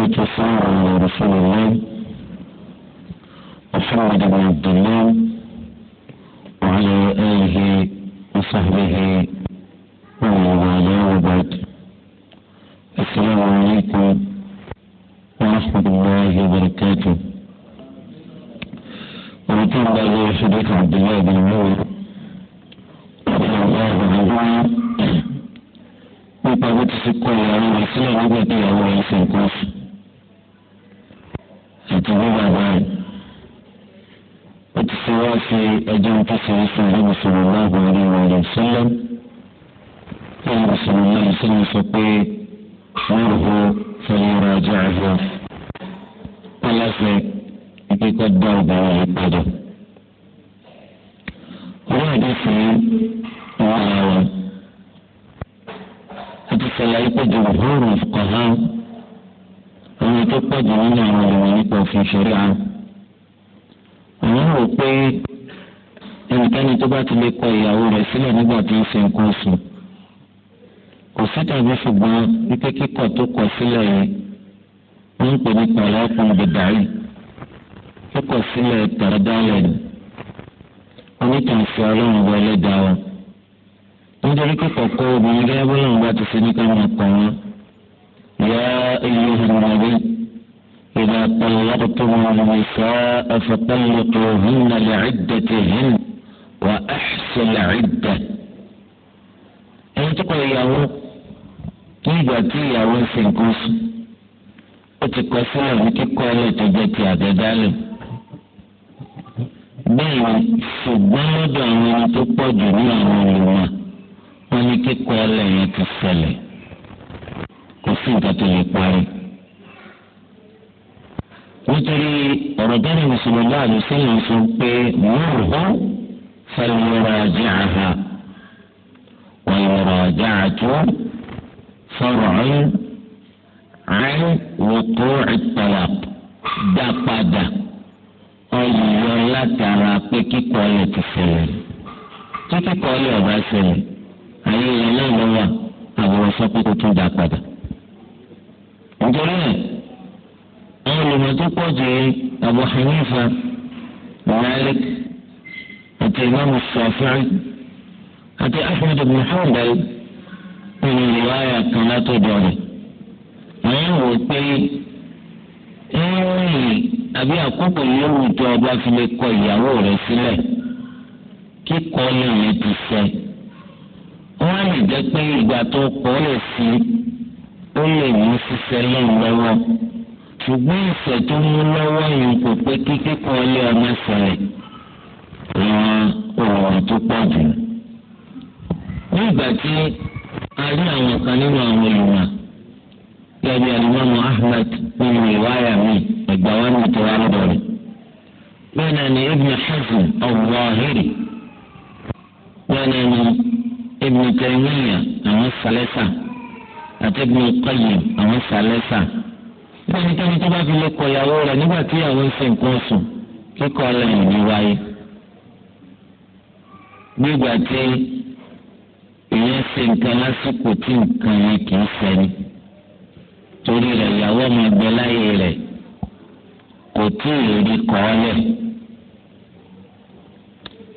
والصلاة على رسول الله محمد بن عبد الله وعلى آله وصحبه yẹn ti ṣẹlẹ̀ kò sí nǹkan tó lè parí. nítorí ọ̀rọ̀ bẹ́ẹ̀ ni sọlọ́lá àlùsẹ́yìn sọ pé mọ́ọ̀rọ̀ fẹ́lẹ́rọ̀ ajé àhà wọ̀nyọ̀rọ̀ ajé àtú sọ̀rọ̀ ẹ̀ ẹ̀ wòtó ìtàlà dá padà ọ̀yọ̀ látara pé kíkọ́ ẹ̀ ti ṣẹlẹ̀ kíkọ́ ẹ̀ ọ̀bá ṣẹlẹ̀ ayé rẹ̀ náà ló wà àbúrò sọpé kò tún dá padà. nítorí ẹ̀ àwọn olùmọ̀ tó pọ̀ jù yìí Abu Hanifa Malik àti imaamu Shafi'i àti Ahmad ibn Hanbal nínú ìwáyà kan látọ̀dọ̀ rẹ̀ àwọn wò pé ẹ̀rìn àbí àkókò yòówù tó ọba fi lè kọ ìyàwó rẹ̀ sílẹ̀ kíkọ́ lè yẹn ti sẹ́ẹ̀ wọ́n á lè jẹ́ pé ìgbà tó pọ̀ lè fi ó lè mú ṣiṣẹ́ lọ́wọ́ lọ́wọ́ ṣùgbọ́n ìṣẹ̀ tó mú lọ́wọ́ yìí kò pé kí kíkọ́ ilé ọmọ ṣẹlẹ̀ ìwọ̀n òòrùn tó pọ̀ jù. ní ìgbà tí a rí àwọn kan nínú àwọn olùwà gẹ́gẹ́ alimami ahmed nínú ìwáyà mi ẹ̀gbà wa ní ìtura lọ́dọ̀ rẹ̀ bẹ́ẹ̀ náà ni ibn hazm ọ̀wọ́ ahiri bẹ́ẹ̀ náà ni. Ibn Taymiyyah àwọn sàlẹ́sà àti Ibn Qayyim àwọn sàlẹ́sà níbi tí tó bá fi lè kọ ìyàwó rẹ̀ nígbà tí ìyàwó ń ṣe nǹkan oṣù kíkọ́ lẹ́yìn ní wáyé nígbà tí ìyẹn ṣe nǹkan lásìkò tí nǹkan yẹn kì í ṣẹni torí rẹ̀ ìyàwó ọmọ ẹgbẹ́ láyé rẹ̀ kò tí ì rí kọ́ lẹ̀.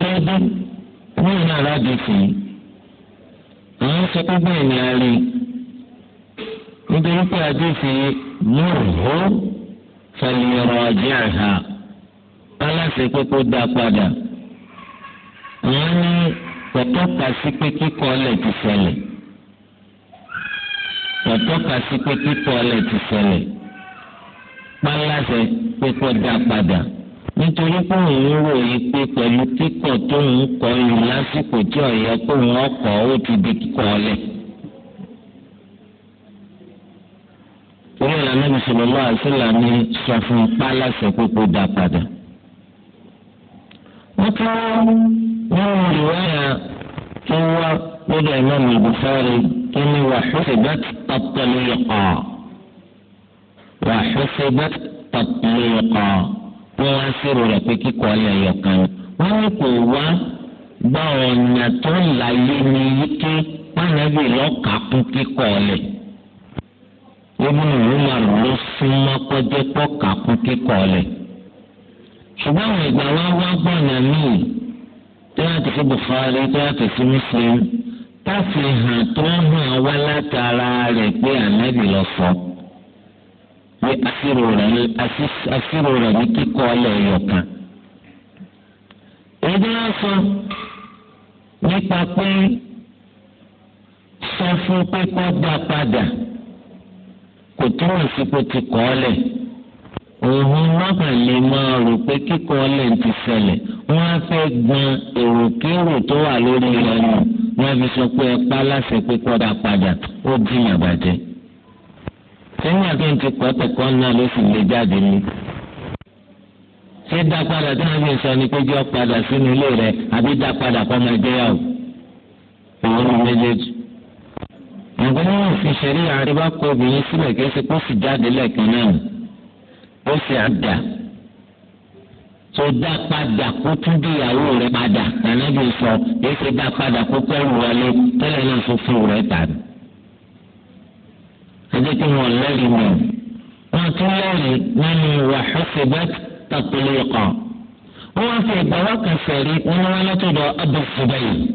ẹbí wọn náà fún yìí àwọn sọ pé bẹ́ẹ̀ ni a rí nítorí pé àdéhùn múrùhó fẹlẹ́rọ̀ ọjọ́ àhà aláṣẹ pé kó dá padà àwọn ní pẹ̀tọ́ka sí pé kíkọ́ ọlẹ̀ ti ṣẹlẹ̀ pẹ̀tọ́ka sí pé kíkọ́ ọlẹ̀ ti ṣẹlẹ̀ páláṣẹ pé dá padà nítorí pé òun rò yí pé pẹ̀lú kíkọ̀ tó ń kọ ìlú lásìkò tí ọ̀yẹ́ pé òun ọkọ̀ ó ti di kíkọ̀ ọ̀lẹ̀. orílẹ̀ anábì sọlọ́lá àṣìlá ni sọ fún pálásẹ̀ pópó dá padà. wọ́n tún nínú ìwáyà tó wá lọ́dọ̀ ìmọ̀mù ìbùfẹ́rẹ́ tó ní wàhùsìbẹ́t tọ́tọ́lẹ́yọ̀kọ̀ wàhùsìbẹ́t tọ́tọ́lẹ́yọ̀kọ̀. wọ́n wá sírò rẹ̀ pé kíkọ́ ọ̀lẹ́ ẹ̀yọ̀kan wọ́n ní kò wá gbọ́ ọ̀nà tó láyé ní ike pàrọ̀bì lọ́ọ̀kà kún kíkọ́ ọ̀lẹ́ ibùdó Umar ló súnmọ́ kọjá pọ́ọ̀kà kún kíkọ́ ọ̀lẹ́ ṣùgbọ́n àwọn ìgbà wa wá gbọ́ ọ̀nà míì tó tó hàn tó hàn wá látara ní asírò rẹ̀ ní asírò rẹ̀ ní kíkọ ọlẹ ẹyọkan èyí tí sọ nípa pé sọ fún pípọ gbà padà kò túmọ̀ sí pé ti kọ́ ọ lẹ̀ òun mọ́kànlé máa rò pé kíkọ́ ọlẹ̀ ti ṣẹlẹ̀ wọ́n á fẹ́ gbọn èròkérò tó wà lórí ẹnu wọ́n fi sọ pé ẹ pa láṣẹ padà ó dín sẹ́yìn àkéǹtì pẹ́pẹ́kọ́ náà ló sì lè jáde ní. ṣé dá padà tí wọ́n fi sọ ni pé jọ́ padà sínú ilé rẹ̀ àbí dá padà kọ́ máa jẹ́ yàwó. èyí ni méjèèjì. ǹgbẹ́ náà fi ṣẹ̀rí àárẹ̀ bá kó obìnrin sílẹ̀ kí ẹsẹ̀ kó sì jáde lẹ́ẹ̀kan náà ó sì á tó dá padà kó tún bí ìyàwó rẹ̀ padà nànàbí sọ èsì dá padà kó kẹ́rù wọlé tẹ́lẹ̀ náà jẹ́ pé wọ́n lẹ́rìí mọ́ wọ́n tún lẹ́rìí nínú wàhásíbẹ́t tàpẹ́lẹ́ kan wọ́n wá fi ìgbàwọ́ kan sẹ̀rí wọn wá látọ̀dọ̀ abẹ́fúbẹ́ yìí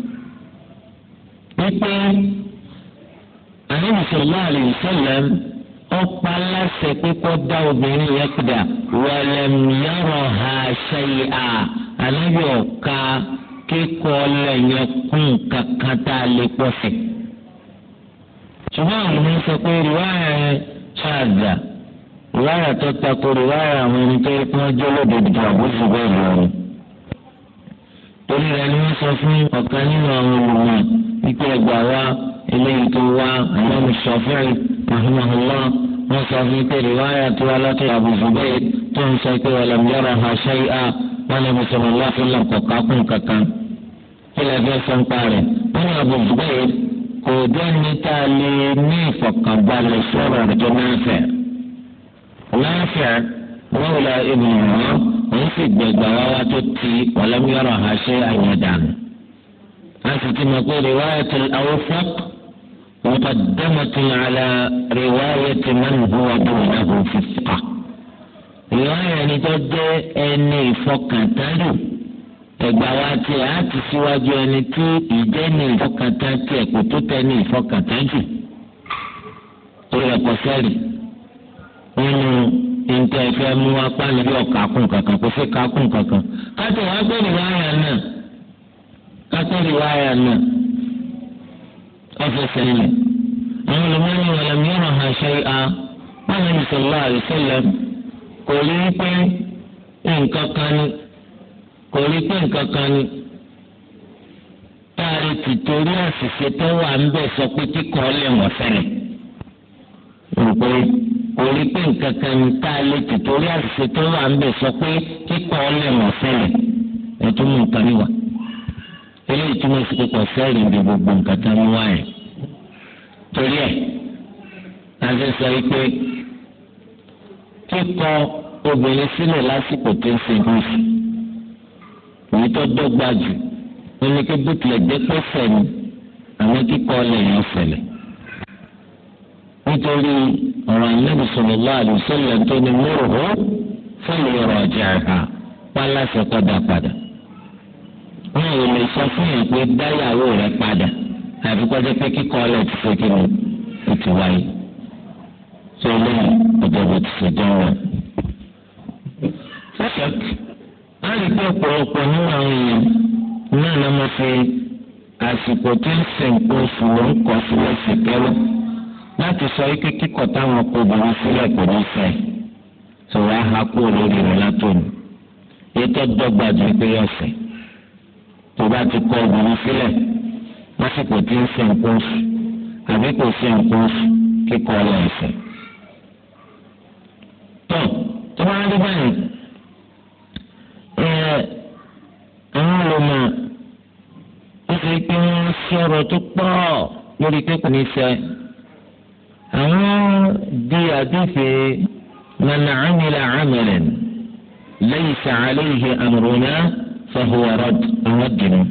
wípé àníbi sọ̀rọ̀ láàrin ìṣẹ̀lẹ̀m ọ̀pá aláṣẹ pípọ́ dá obìnrin yẹn padà wàlẹ̀mìyàrọ̀ ha ṣẹ́yìí à àníbi ọ̀ka kíkọ́ lẹ́yìn kún kankan lè pọ̀ sí i ṣùgbọ́n àwọn ọmọ sọ pé rìwáyà yẹn ṣáàdà rìwáyà tó takò rìwáyà àwọn ẹni tó yẹ kí wọ́n jẹ́ olódodo àbúrò bẹ́ẹ̀ lọ́rùn. torí rẹ̀ ni wọ́n sọ fún ọ̀kan nínú àwọn olùmọ̀ wípé ẹgbà wa eléyìí tó wá àwọn ìṣọ̀fẹ́rì rahimahullah wọ́n sọ fún pé rìwáyà tó wá látọ̀ àbúrò bẹ́ẹ̀ tó ń sọ pé ọ̀làm yọ̀rọ̀ ha ṣe à wọ́n lè mùsùlùmí láfi lọ́kọ̀ọ́kọ́ kún kankan. kí fẹ́ sọ kò dẹ́ni tá a lè ní ìfọ̀kànbalẹ̀ sọ̀rọ̀ tó náà fẹ́. náà fẹ́ wọ́n wùlọ ibùdó wọn wọ́n sì gbẹ̀gbà wá wá tó ti ọ̀lẹ́mìíràn àṣẹ àyẹ̀dànù. a sì ti mọ̀ pé rìwáyàtì awọ́fọ́p mọ̀tàdámọ̀tì àlà rìwáyàtì mẹ́nuhùwà dùnúnàbùn fífà. rìwáyà ni tó jẹ́ ayedan a si ti mo pe fok won demo awofop motadamoti ala ìfọkàntánù. ẹgbà wa ti a ti síwájú ẹni tí ìjẹ́ni ìfọkàntán ti ẹ̀kú tó tẹ́ni ìfọkàntán jù tó rẹ̀ kọ́ sẹ́rì nínú nǹkan ẹ̀fẹ́ mú apá níbi ọ̀ka kún kankan kò sí ká kún kankan káàtó wàá gbẹ̀rù wáyà náà káàtó rí wáyà náà ọ̀fẹ́ sẹ́yìn àwọn olùmọ̀ọ́nì wọlé mìíràn hàn ṣe à wọ́n lè sọ̀rọ̀ àìsílẹ̀ kò rí pé nǹkan kan ni kò rí pé nǹkan kan ni táàrí ti torí àṣìṣe tó wà ń bẹ̀ sọ pé kíkọ́ lẹ̀ wọ́n fẹ́lẹ̀ rògbò kò rí pé nǹkan kan ni táàrí ti torí àṣìṣe tó wà ń bẹ̀ sọ pé kíkọ́ lẹ̀ wọ́n fẹ́lẹ̀ ẹ̀tún mú nǹkan níwà eléyìí túmọ̀ sí pípọ̀ sẹ́ẹ̀rì ní gbogbo nǹkan tá mú wá yẹn torí ẹ̀ láti sọ pé kíkọ obìnrin sílẹ̀ lásìkò tó ń ṣe gúúsù èyí tó dọ́gba jù ẹni kí bó tilẹ̀ jẹ́ pé fẹ̀mí àmọ́ kíkọ́ lẹ́yìn ọ̀fẹ̀lẹ̀. nítorí ọ̀rọ̀ ànábì sallallahu alaihi wasallam tó ní múròhó fẹ́lẹ̀ ọ̀rọ̀ ọ̀jà ẹ̀ka pálásẹ̀ kọ́dà padà. wọn ò lè sọ fún yẹn pé dáyàwó rẹ padà àfi kọjá pé kíkọ́ lẹ̀ ti ṣe kí ni ó ti wáyé. sọ ọjọ́ bó ti ṣe dánwò á rí pé ọ̀pọ̀lọpọ̀ nínú àwọn èèyàn náà ló mọ̀ pé àsìkò tí ń sìn kó oṣù ló ń kọ́ sílẹ̀ sí tẹ́lẹ̀ láti sọ ike kíkọ̀ táwọn kò bá wọn sílẹ̀ kò ní fẹ́ sọ̀rọ̀ á ha kúrò lórí rẹ̀ látòun ètò dọ́gba ju pé ọ̀sẹ̀ tó bá ti kọ obìnrin sílẹ̀ lásìkò tí ń sìn kó oṣù àbí kò sìn kó oṣù kíkọ́ ọ̀lẹ́sẹ̀ tó tó bá rí báyìí àwọn olùmọ̀ ó fi pé wọ́n sí ọ̀rọ̀ tó pọ̀ lórí pé kò ní sẹ́ àwọn di àdéhùn mọ̀nà àmìlà àmìlẹ̀ lẹ́yìn sàálẹ̀ ìhẹ́ àmọ̀rọ̀nà fọ̀hùwàrọ̀ àwọn dìrò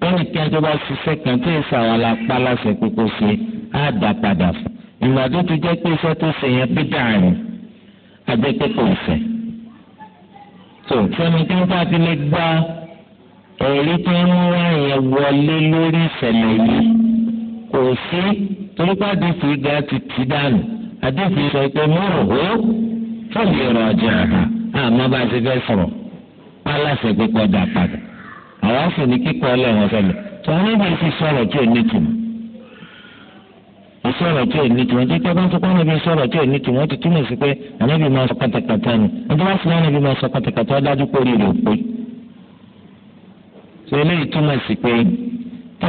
lẹ́yìn kí ẹjọ́ bá ṣiṣẹ́ kan tí èsì kókó ṣe á dá padà ìgbà tó ti jẹ́ pé iṣẹ́ tó ṣe yẹn bí dáa ni àjẹpẹ́ kò fẹ́ tó sẹ́mi tí wọ́n bá ti lè gba ẹ̀rí tó ń wá yẹn wọlé lórí ìṣẹ̀lẹ̀ yìí kò sí torí pé àdéhùn ìgbà ti ti dànù àdéhùn ìsọ pé mọ̀rọ̀ ó fọ́ọ̀lì ọ̀rọ̀ ọ̀jà àmọ́ bá a ti fẹ́ sọ̀rọ̀ pálásẹ̀ pé kọjá padà àwọn àfẹnì ọlẹ́wọ̀n fẹ́lẹ̀ tó wọn bá ti tí ò ní tùmọ̀. sọ̀rọ̀ tí ò ní tiwọn tí pé bá ń sọ pé ànábì sọ̀rọ̀ tí ò ní tiwọn ti túmọ̀ sí pé máa sọ ni bá sì ní máa sọ dájú pé orí rẹ̀ ò pé. sọ eléyìí túmọ̀ sí pé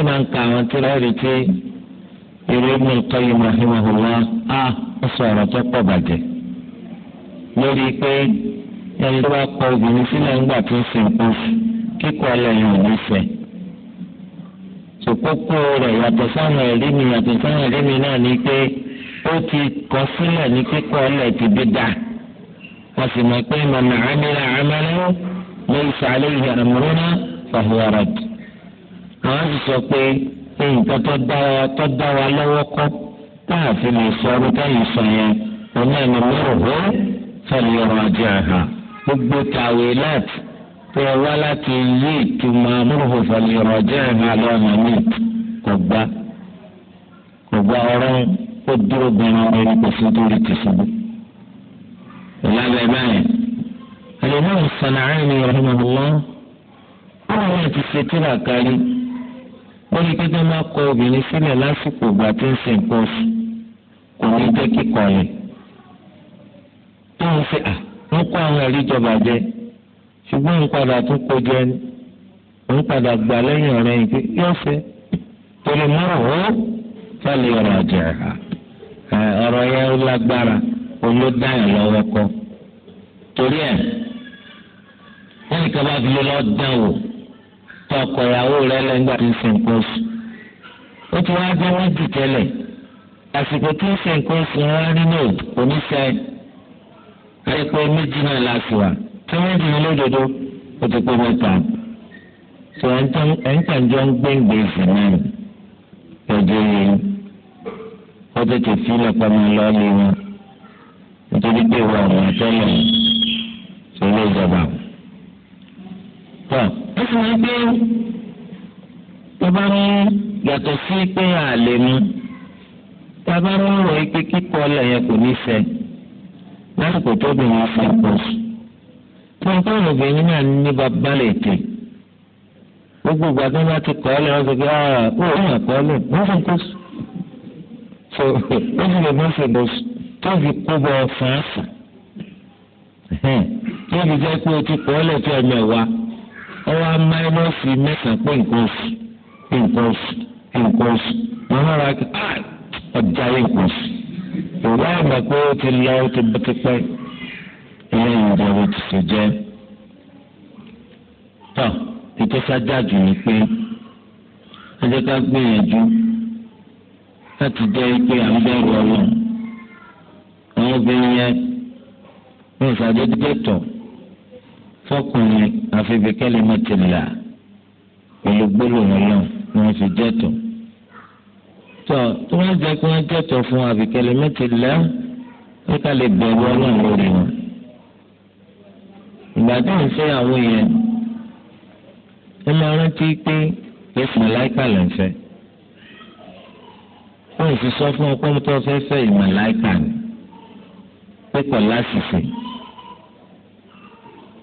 máa ń ka àwọn tí wọ́n eré tó pọ̀ bàjẹ́ lórí pé ẹni tó bá obìnrin sílẹ̀ ńgbà tó ń sìnkú kíkọ́ ò sòkókó rẹ̀ yàtọ̀ sáwọn ẹ̀rí mi yàtọ̀ sáwọn ẹ̀rí mi náà ni pé ó ti kọ sílẹ̀ ní kíkọ́ ọlẹ̀ ti bí dà wọ́n sì mọ̀ pé mọ̀nà àmìlà àmàlẹ́ lẹ́yìn sàlẹ̀ ìyàrá mọ́rọ́nà fàhùwàràd. àwọn gbogbo tàwé láti. pé wá láti yí ìtumọ̀ amúròfòfòlì ìrọ̀jẹ́ ìrìnàlọ́ ọ̀nà mi kò gbá kò gbá ọ̀rọ̀ ó dúró gbọ̀nà ọ̀rọ̀ kò sí dúró ti sọ́dọ̀. ìlànà àlùmọ́ ìrọ̀lọ́mọ́ ti ṣe tíra kárí kọ obìnrin sílẹ̀ lásìkò ìgbà tí ń ṣe nǹkan oṣù kò ní jẹ́ tó ń ṣe ṣùgbọ́n ń padà tún kó jẹ ni ń padà gbà lẹ́yìn ọ̀rẹ́ yìí pé yóò fẹ́ torí mọ́rọ̀ ó fẹ́lẹ̀ ọ̀rọ̀ àjẹ́ ọ̀rọ̀ yẹn ó lágbára olódàyàn lọ́wọ́ kọ́ torí ẹ̀ wọ́n nìkan bá fi lé lọ́dàn wò tó ọkọ ìyàwó rẹ lẹ́gbàá ti sìn kó sùn ó ti wá jẹ́ wọ́n jù tẹ́lẹ̀ àsìkò tí ń sìn kó sùn wọ́n rí ní sẹ́ ẹ pé méjì náà láti wà tí wọ́n jẹ́ olódodo ó ti pé mẹ́ta tó ẹ̀ńtàǹjọ́ ń gbẹ̀ngbẹ̀ fún náà pẹ̀lú yẹn ó tètè fílẹ̀ pamọ́ lọ́ọ́lì wọn nítorí pé ìwà ọ̀rọ̀ àtẹ́lẹ̀ tó lè jọba. tó sì máa ń gbé bàbá mú yàtọ̀ sí pé àlè mu bàbá mú rọ̀ ike kíkọ́ ọ̀lẹ̀ yẹn kò ní fẹ́ lásìkò tó bìnrin fẹ́ pọ̀ sí pọnpọ́n obìnrin náà ní bàbá lè tè gbogbo ìgbà tó bá ti kọ́ ọ́ lẹ́wọ́n sọ pé ah ó yàn kọ́ ọ́ lẹ̀ wọ́n fi kó so ó sì lè má fi bọ̀ tó fi kó bọ̀ fàáfà tó fi jẹ́ pé o ti kọ́ ọ́ lẹ̀ tó ẹ̀mẹ̀ wá ọ wá máínọ́ọ̀sì mẹ́sàn-án pé nǹkan oṣù nǹkan oṣù nǹkan oṣù wọ́n rárá ah, ọjà yẹn kò sí ìwé àgbà pé ó ti lọ ó ti bọ́ ti pẹ́ eléyìí jẹ́ bó ti ṣe jẹ́ tọ́ ìtọ́sájà jù ní pé ẹjẹ́ ká gbìyànjú láti jẹ́ pé à ń bẹ̀rù ọlọ́run àwọn obìnrin yẹn ní ìsàdédébẹ̀tọ̀ fọkùnrin àfibikẹ́lẹ́ mẹ́tìlá pẹ̀lú gbólóhùn ọlọ́run ni wọ́n fi jẹ́tọ̀ tọ́ tó wọ́n jẹ́ pé wọ́n jẹ́tọ̀ fún àbíkẹ́lẹ́ mẹ́tìlá ó ká lè bẹ̀rù ọlọ́run lórí wọn ìgbà tó ń fẹ́ àwọn èèyàn ẹ máa rántí pé kò fún màláìkà lẹ́ ń fẹ́ wọ́n fi sọ fún ọpọ́ tó fẹ́ fẹ́ ìmàláìkà ni pé kò láṣìṣe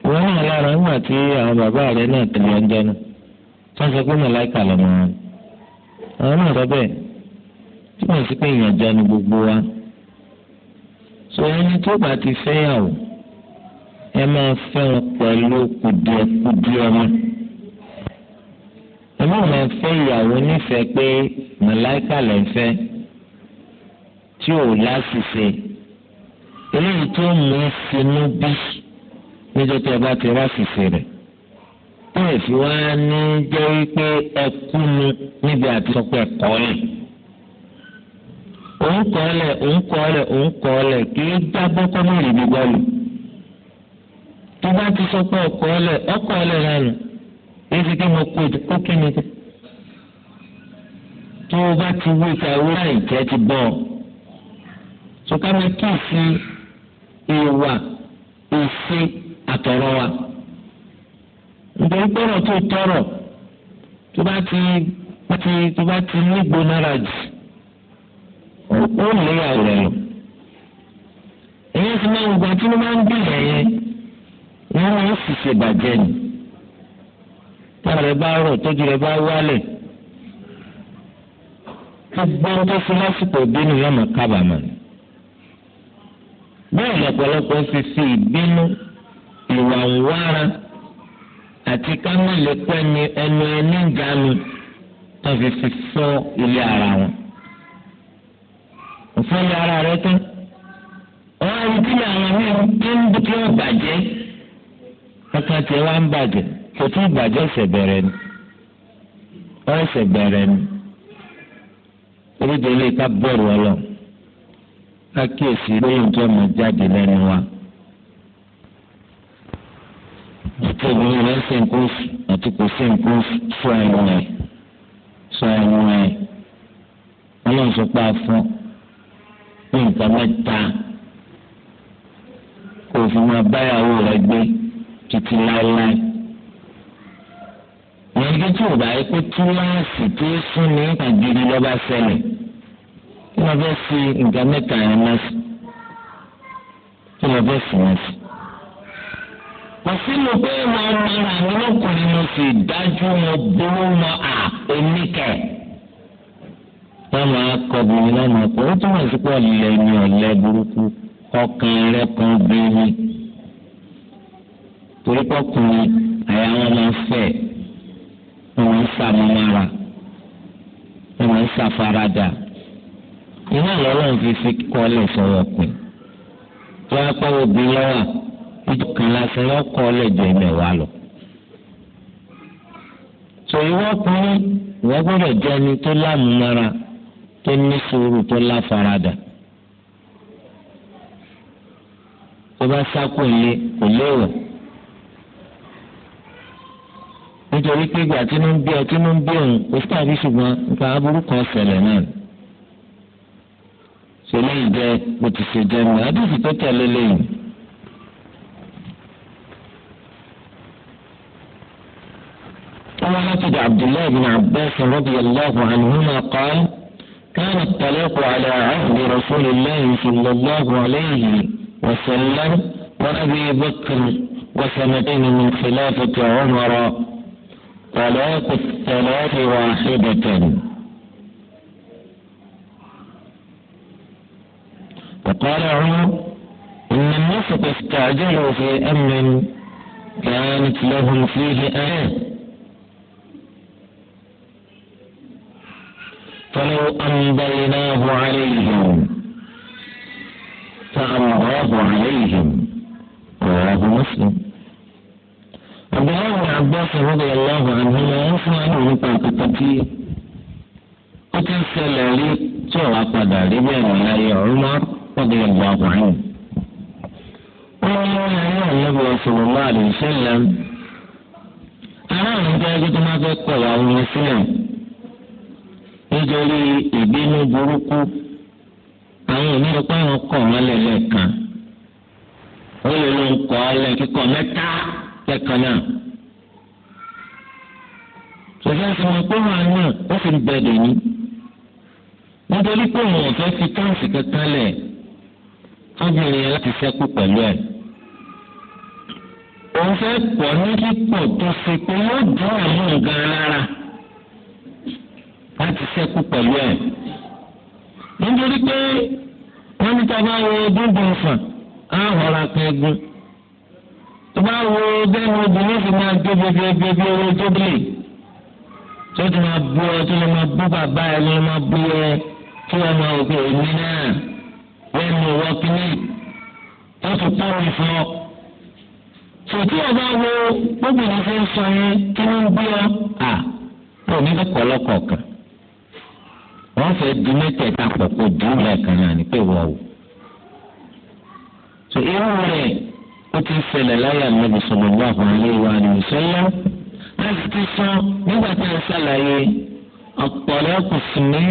wọ́n wà lára ńgbà tí àwọn bàbá rẹ̀ náà tẹ̀lé ọjọ́ náà tó ń sọ pé màláìkà lọ́mọ wọn àwọn náà sọ bẹ́ẹ̀ tí wọ́n sì pé ìyànjẹ́ ni gbogbo wa sọ ẹni tó bá ti fẹ́ yàwó ẹ máa fẹ́ wọn pẹ̀lú kùdìẹ̀kùdìẹ̀ wọn. ẹ má máa fẹ́ ìyàwó nífẹ̀ẹ́ pé màláìkà lẹ̀ ń fẹ́ tí ò láṣìṣe eléyìí tó mú sínú bí níjọ́ tó ẹ bá ti ráṣìṣe rẹ̀ tó ẹ fi wá ní jẹ́ wípé ẹ kúnu níbi àti sọ pé ẹ kọ́ lẹ̀ òun kọ́ lẹ̀ òun kọ́ lẹ̀ lẹ̀ kì í jábọ́ kọ́ mọ́ ìrìbí bọ́ọ̀lù. tó bá ti sọ pé ọkọ ọlẹ ọkọ ọlẹ lánàá èsì kí mo kó kí mi tó o bá ti wí ká ewé ti bọ̀ ọ́. sọ́ká mi kí sí ìwà ìsí àtọ̀rọ̀ wa. nítorí pé tó tọrọ tó ti tó bá ti jù ó lé àwòrán wọn máa ń ṣiṣẹ́ bàjẹ́ ni táwọn rẹ bá rò tójú rẹ bá wálẹ̀ gbogbo ọjọ́ fún lásìkò bínú yóò máa kábàámọ̀ ni bẹ́ẹ̀ lọ́pọ̀lọpọ̀ ṣe ṣe ìbínú ìwà ńwára àti kámẹ́lẹ́pẹ́ ni ẹnu ẹni tó ara wọn òfin ara rẹ tán ọ̀hún nwere àwọn mí-ín ń bí kankan tiẹ̀ wá ń bàjẹ́ kò tún ìbàjẹ́ ẹ̀sẹ̀ bẹ̀rẹ̀ ni wọ́n ẹ̀sẹ̀ bẹ̀rẹ̀ ni oríṣiríṣi ká bẹ̀rù ọlọ ká kíyèsí lóyún tó mọ̀ jáde lẹ́nu wa. àti obìnrin rẹ̀ ṣe nǹkan oṣù àti kò ṣe nǹkan oṣù fún ẹnu ẹ̀ sọ ẹnu ẹ̀ wọ́n náà sọ pé a fún ní nǹkan mẹ́ta kò fi máa báyàwó rẹ̀ gbé títí láéláé ìyẹn tó bá yẹ pé kíláàsì tó fún ní àgídí lọ́ba ṣẹlẹ̀ kí wọ́n fẹ́ fi nǹkan mẹ́ta yẹn lọ́sí kí wọ́n fẹ́ fi wọ́n sí. kò sínú pé wọ́n mara mi lọ́kùnrin mo sì dájú mo bóró mọ́ à oníkẹ́. wọ́n máa kọ́ bìnrin lọ́nà pé ó túmọ̀ sí pé ọ̀lẹ́ ọ̀lẹ́ burúkú ọkàn rẹ̀ kan bẹ́ẹ̀ ni torí pọ́kùnrin àyà wọn máa ń fẹ̀ wọn máa ń sàmúmára wọn máa ń sàfaradà iná lọ́wọ́n fi fi kọ́lẹ̀ sọ̀rọ̀ pé tó wá pẹ́ obìnrin lọ́wọ́ ìjọ kan lásán yọ kọ́lẹ̀ jọ ìmẹ̀wá lọ. sọ ìwọ́ kùnrin ìwọ́ gbọ́dọ̀ jẹ́ ẹni tó lámúmára tó ní sùúrù tó láfaradà. tó bá sákò ilé kò léèwọ̀. nítorí pé ìgbà tí ló ń bí ọ tí ló ń bí òun kò sí tàbí ṣùgbọ́n gbà ti ṣe nípa aburu kan sele naa se leyin je bo ti se je mi adéṣì tó tẹ̀lé lẹ́yìn. ورحمة عبد الله بن عباس رضي الله عنهما قال كان الطلاق على عهد رسول الله صلى الله عليه وسلم وأبي بكر وسنتين من خلافة عمر طلاق الثلاث واحدة وقال عمر إن الناس استعجلوا في أمر كانت لهم فيه آيات فلو أمضيناه عليهم فأمضاه عليهم رواه مسلم abdullahi bin ọrụ radiyallahu anhu wọn fún wa ní nípa kàkà tí ó ti ń ṣẹlẹ̀ rí tí ọ̀wá padà rí bẹ́ẹ̀ ní ayé Umar radiyallahu ní ní aráàlú jẹ́ ẹgbẹ́ tó máa fẹ́ sílẹ̀ nítorí ìbínú burúkú àwọn kọ̀ ó lè kọ́ ọ mẹ́ta. lẹ́ẹ̀kan náà sọ̀rọ̀ àti wọn pé wọn àná ó fi gbẹ̀dẹ̀ ní nítorí pé wọn ò fẹ́ fi táǹsì kankan lẹ̀ fúnbìnrin yẹn láti ṣẹ́kù pẹ̀lú ẹ̀ òun fẹ́ pọ̀ ní kíkọ̀ tó ṣe pé yóò dín àwọn nǹkan rárá láti ṣẹ́kù pẹ̀lú ẹ̀ nítorí pé wọ́n ní tá a bá wo dúndùn fà á rọra kan egun tó bá wo bẹ́ẹ̀ ni obìnrin fi máa gbé bébébébé owó jóbìlì tó ti máa bú ẹ tó lè máa bú bàbá ẹ lè máa bú ẹ kí ẹ máa gbé èmi náà bẹ́ẹ̀ ni ìwọ kíní tó ti pọ̀ mi fún ọ. sòtí ọba wo gbogbo ìfẹ́ sọ yẹn kí wọ́n gbé ọ à tó ní kọ́kọ́ lọ́kọ̀ọ̀kan wọ́n fẹ́ di mẹ́tẹ̀ẹ̀ta pọ̀ kó dùn lẹ́ẹ̀kan náà ní pé wọ́n wò. so irú rẹ̀. ti ṣẹlẹ̀ láyé ànábì sallallahu alaihi wa sallam láti ti sọ nígbà tí a ṣàlàyé at-talaqu sunni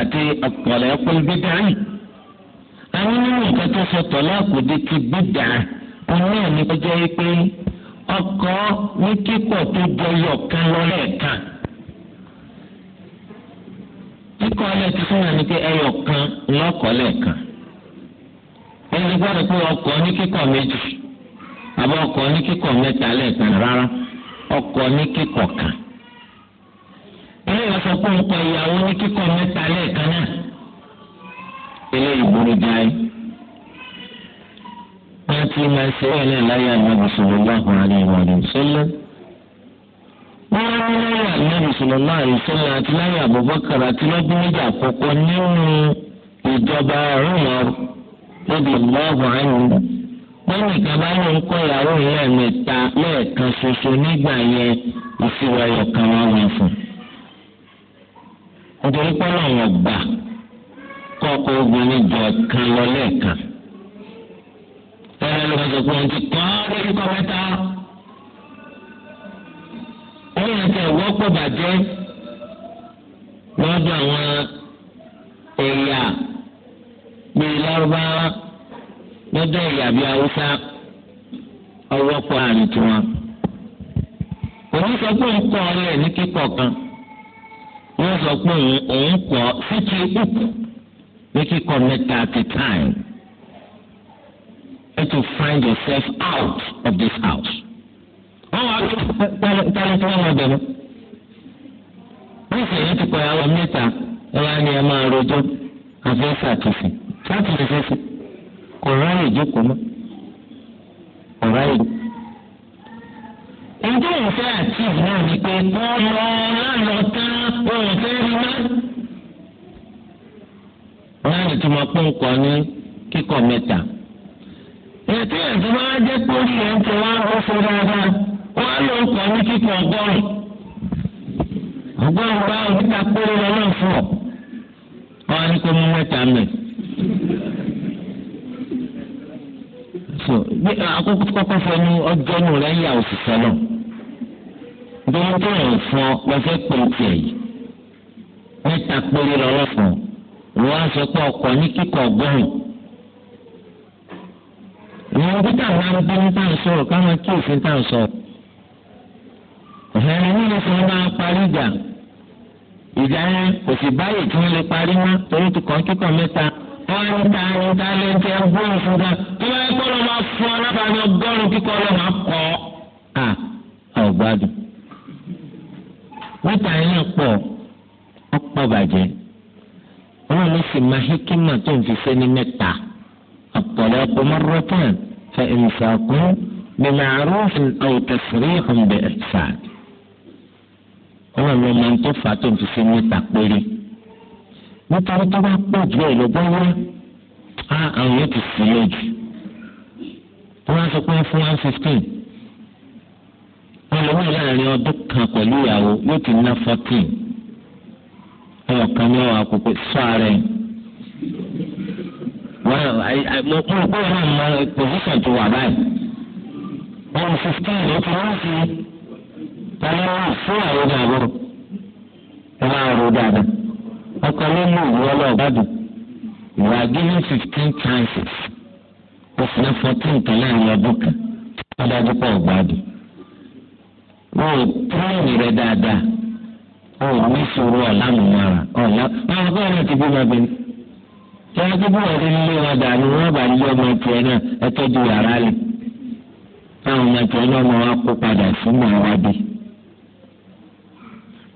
àti at-talaqu al àwọn nǹkan tó sọ ti náà ní ọkọ ní kíkọ̀ tó kan lọ́lẹ̀ kan. ọlẹ́ ti fún wa ní kan lọ́kọ̀ọ́lẹ̀ kan. èyí gbọ́dọ̀ pé ọkọ̀ ní kíkọ̀ méjì àbọ̀ ọkọ̀ ní kíkọ̀ mẹ́ta lẹ́ẹ̀kan rárá ọkọ̀ ní kíkọ̀ kan. eléyìí sọ pé ń ìyàwó ní kíkọ̀ mẹ́ta lẹ́ẹ̀kan náà eléyìí burú jáì. wọ́n ti máa ṣe é láyé wọ́n á ní láyé àti láyé lọ́dọ̀ ìlọ́ọ̀bù àánú lẹ́yìn ìkàbá ló ń kọ́ ìyàwó yìí lẹ́ẹ̀kan ṣoṣo nígbà yẹn ìṣirò kan wá wọn fún un nítorí pé kọ́kọ́ kan lọ lẹ́ẹ̀kan ẹ̀rọ ti kọ́ mẹ́ta wọ́n pé lárúbáwá lọ́dọ̀ ìyàbí haúsá ọwọ́ pọ̀ àrùn tiwọn. òun sọ pé òun kọ́ ọ̀rẹ́ ní kíkọ̀ kan wọ́n sọ pé òun kọ́ fífi kúkú ní kíkọ̀ mẹ́ta at a time. Try to find yourself out of this house. wọ́n wá tẹ́lẹ̀ tí wọ́n lọ bẹ̀rẹ̀. wọ́n sì ń tukọ̀ ìyàwó mẹ́ta ẹ̀ wá ní ẹ máa rojọ́ àfẹ́ láti lè fẹsẹ̀ kò ráyè jókòó mọ́ kò ráyè. ẹjọ́ ìfẹ́ àti ìwọ ni pé wọ́n lọ lálọ́ tán wọ́n ò fẹ́ rí mọ́. wọ́n á lè tún máa pọ́n kọ́ ní kíkọ́ mẹ́ta. ètò ẹ̀sìn máa jẹ́ pé orí ẹ̀ ń tẹ wá ó fọ́ dáadáa wọ́n á lọ kọ́ ní kíkọ́ ọgọ́rùn. ọgọ́rùn báwo níta pé ó lọ fún ọ. wọ́n á ní kó mú mẹ́ta mẹ́ta so ní àkókò kọ́kọ́ fẹnu ọjọ́ nù rẹ̀ yà òṣìṣẹ́ náà gbọ́dọ̀ tó yàn fún ọ lọ́fẹ́ pé tiẹ̀ yìí mẹ́ta péré lọ́wọ́ fún ọ wọ́n á sọ pé ọkọ̀ ní kíkọ̀ gbọ́hùn. ìwọ̀n dókítà wa ń bá nípa ìṣòro káwọn kí òfin tá à ń sọ. ọ̀hẹ́rẹ́ fún máa parí ìjà ìjà yẹn kò sì báyìí tí wọ́n lè parí mọ́ torí ti kàn kíkọ̀ mẹ́ta wọn ń ta ní ta ló ń tẹ gbóhùn fún ta tó bá yẹ kó ló máa fún ọ lábàáyé ọgọ́rùn kíkọ ló máa kọ́ à ọgbádùn mẹ́ta yẹn náà pọ̀ ọ̀pọ̀ bàjẹ́ ọlọ́run sì máa hikima tó ń fi ṣe ní mẹ́ta ọ̀pọ̀lọpọ̀ mọ́rọ́tàn fẹ́ ìmùsàkún bimaaruufin aw tasriixun bi ihsaan ọlọ́run máa ń tó fà tó ń fi ṣe mẹ́ta péré. nítorí tó bá pọ̀ jù ẹ̀ lọ́gbọ́n wá àwọn yóò ti sí lójú wọ́n á sọ pé fún one fifteen ọlọ́wọ́ láàrin ọdún kan pẹ̀lú ìyàwó yóò ti ná fourteen ọ̀kan ní ọ̀hún àkókò sọ́ọ̀rẹ́ wọ́n mo kúrò pé wọ́n mọ pòsíṣàn tó wà báyìí one fifteen ló ti sí fún àwọn ló mọ̀ wọ́n lọ are given fifteen chances ó fún ẹ fourteen kan láàrin ọdún kan wọ́n dájú pọ̀ gbádùn wọ́n ò tírénì rẹ dáadáa wọ́n ò ní sòrò ọ̀làmùmára ọ̀là báwọn kọ́ ọ̀nà ti bí wọn bẹ ní. tẹ́lẹ̀ tó bí wọ́n ti lé wọn dànù wọ́n bá lé ọmọ tiẹ̀ náà ẹ tọ́jú yàrá lẹ̀ táwọn ọmọ tiẹ̀ náà wọ́n wá kó padà fún mọ́ àwọn adé.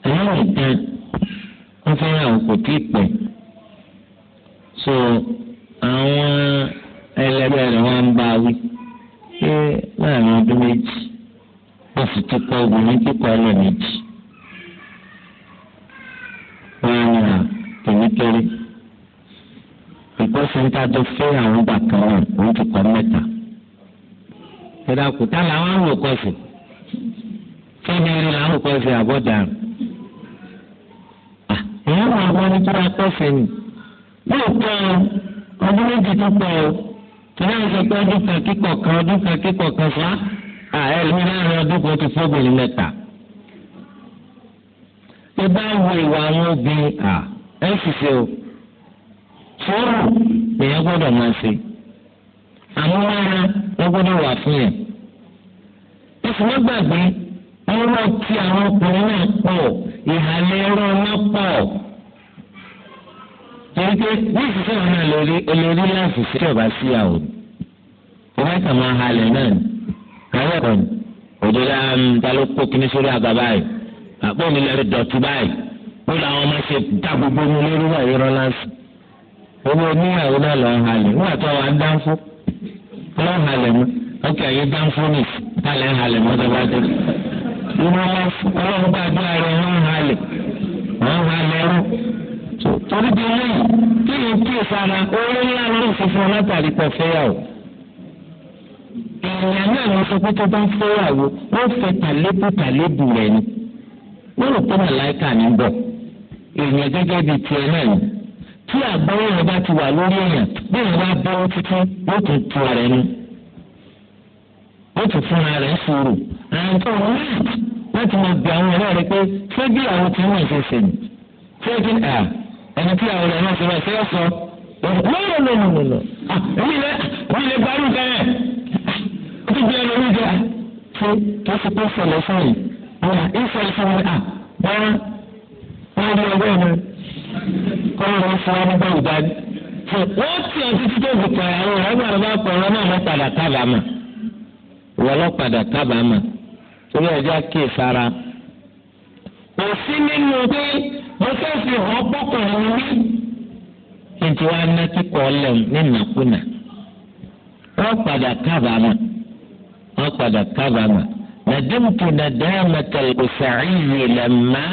ẹ̀yìn ìtàn wọ́n fẹ́ràn àwọn kò tí ì pẹ́ so àwọn ẹlẹgbẹ́ rẹ̀ wọ́n ń bá wí pé láàrin ọdún méjì wọ́n sì ti kọ́ obìnrin kíkọ́ ọlọ́ méjì wọ́n ń ra tèmi kéré ìkọ́sí ń tájọ fẹ́ àwọn bàtà wọn òun ti kọ́ mẹ́ta ìdàkùtà làwọn àwòkọ́sì fẹ́ẹ́ ní ẹni làwọn àwòkọ́sì àbọ̀dàrún. èèyàn na wọ́n ní kí wọ́n pẹ̀sẹ̀ nì lóòótọ́ ọdún méjì tó pọ̀ o tí wọ́n sọ pé ọdún kan kíkọ̀ kan ọdún kan kíkọ̀ kan fa ọdún kan mẹ́ta. bá wo ìwà àwọn obìnrin à ẹ o gbọ́dọ̀ máa ṣe gbọ́dọ̀ wà fún yẹn. ẹ sì má irú ti àwọn ọkùnrin náà pọ̀ ìhàlẹ̀ irú náà pọ̀ torí pé ní ìsinsìnyí wọn náà lórí olórí láàfù sí ọba sí àwọn òun ẹ̀ka máa halẹ̀ náà ni káwọn ọ̀pọ̀ ni òjò dáa ń um, ta ló kó kíní sórí àga báyìí àpò mi lẹ́rìí dọ̀tí báyìí ó làwọn ọmọ ṣe dá gbogbo mi lórí wà irọ́ láǹsì owó oníyàwó náà lọ́ọ́ halẹ̀ nígbà tó wà ń lọ́ọ́ halẹ̀ mọ́ ọkẹ́ àyè dánfó nìsí halẹ̀ halẹ̀ mọ́ tó bá dé ìrànlọ́ ọlọ́run gbàdúrà rẹ̀ wọ́n ń halẹ̀ wọ́n ń halẹ̀ rú. torí di eléyìí kí ni kí ìsara owó ńlá ló funfun látàrí pọ̀ fẹ́yàwó. èèyàn náà ló sọ pé tó bá ń fẹ́yàwó ó fẹ́ tàlébù tàlébù rẹ̀ ni. wọ́n rò pé màláìkà ní bọ̀ èèyàn gẹ́gẹ́ bíi tiẹ̀ náà ni. tí àgbọ̀wọ́ yẹn bá ti wà lórí èèyàn bí wọ́n bá bẹ́rù títí yóò tún tu ara ẹni. yóò tún fúnra rẹ̀ sùúrù. àǹtọ̀ wọ́n láti máa bẹ àwọn ọ̀rẹ́ rẹ pé ṣé bí àwọn tí wọ́n ṣe ṣe ṣé kí ẹ ẹni tí àwọn ọ̀rẹ́ náà ṣe bá ṣe é sọ lọ́wọ́ lọ́wọ́ lọ́wọ́ èmi lẹ wọ́n lè gbárùn kẹ́rẹ́ ó ti gbé ẹlòmíì jẹ ṣé kí ó ti pẹ́ sọ̀lọ̀ fún yìí wọ́n á ìfẹ́ ìfẹ́ wọn à wọ́n wọ́n rí ọgbẹ́ mi kọ́ ló ń fún ọmọ báwù dání. wọ́n ti ọtí títí òkùnkùn àwọn ọ̀rẹ́ náà bá pọ̀ ọ̀rọ̀ náà lọ́ padà kábàámà wọ́n lọ́ padà kábàámà. torí ẹjọ́ kíì sára. kò sí nínú pé mo fẹ́ fi hàn bọ́kọ̀ mi kí n ti wá ná kíkọ́ ọlẹ́m ní nàkúnà. wọ́n padà kábàámà. wọ́n padà kábàámà. kábàámọ̀ ندمت ندامة القسعي لما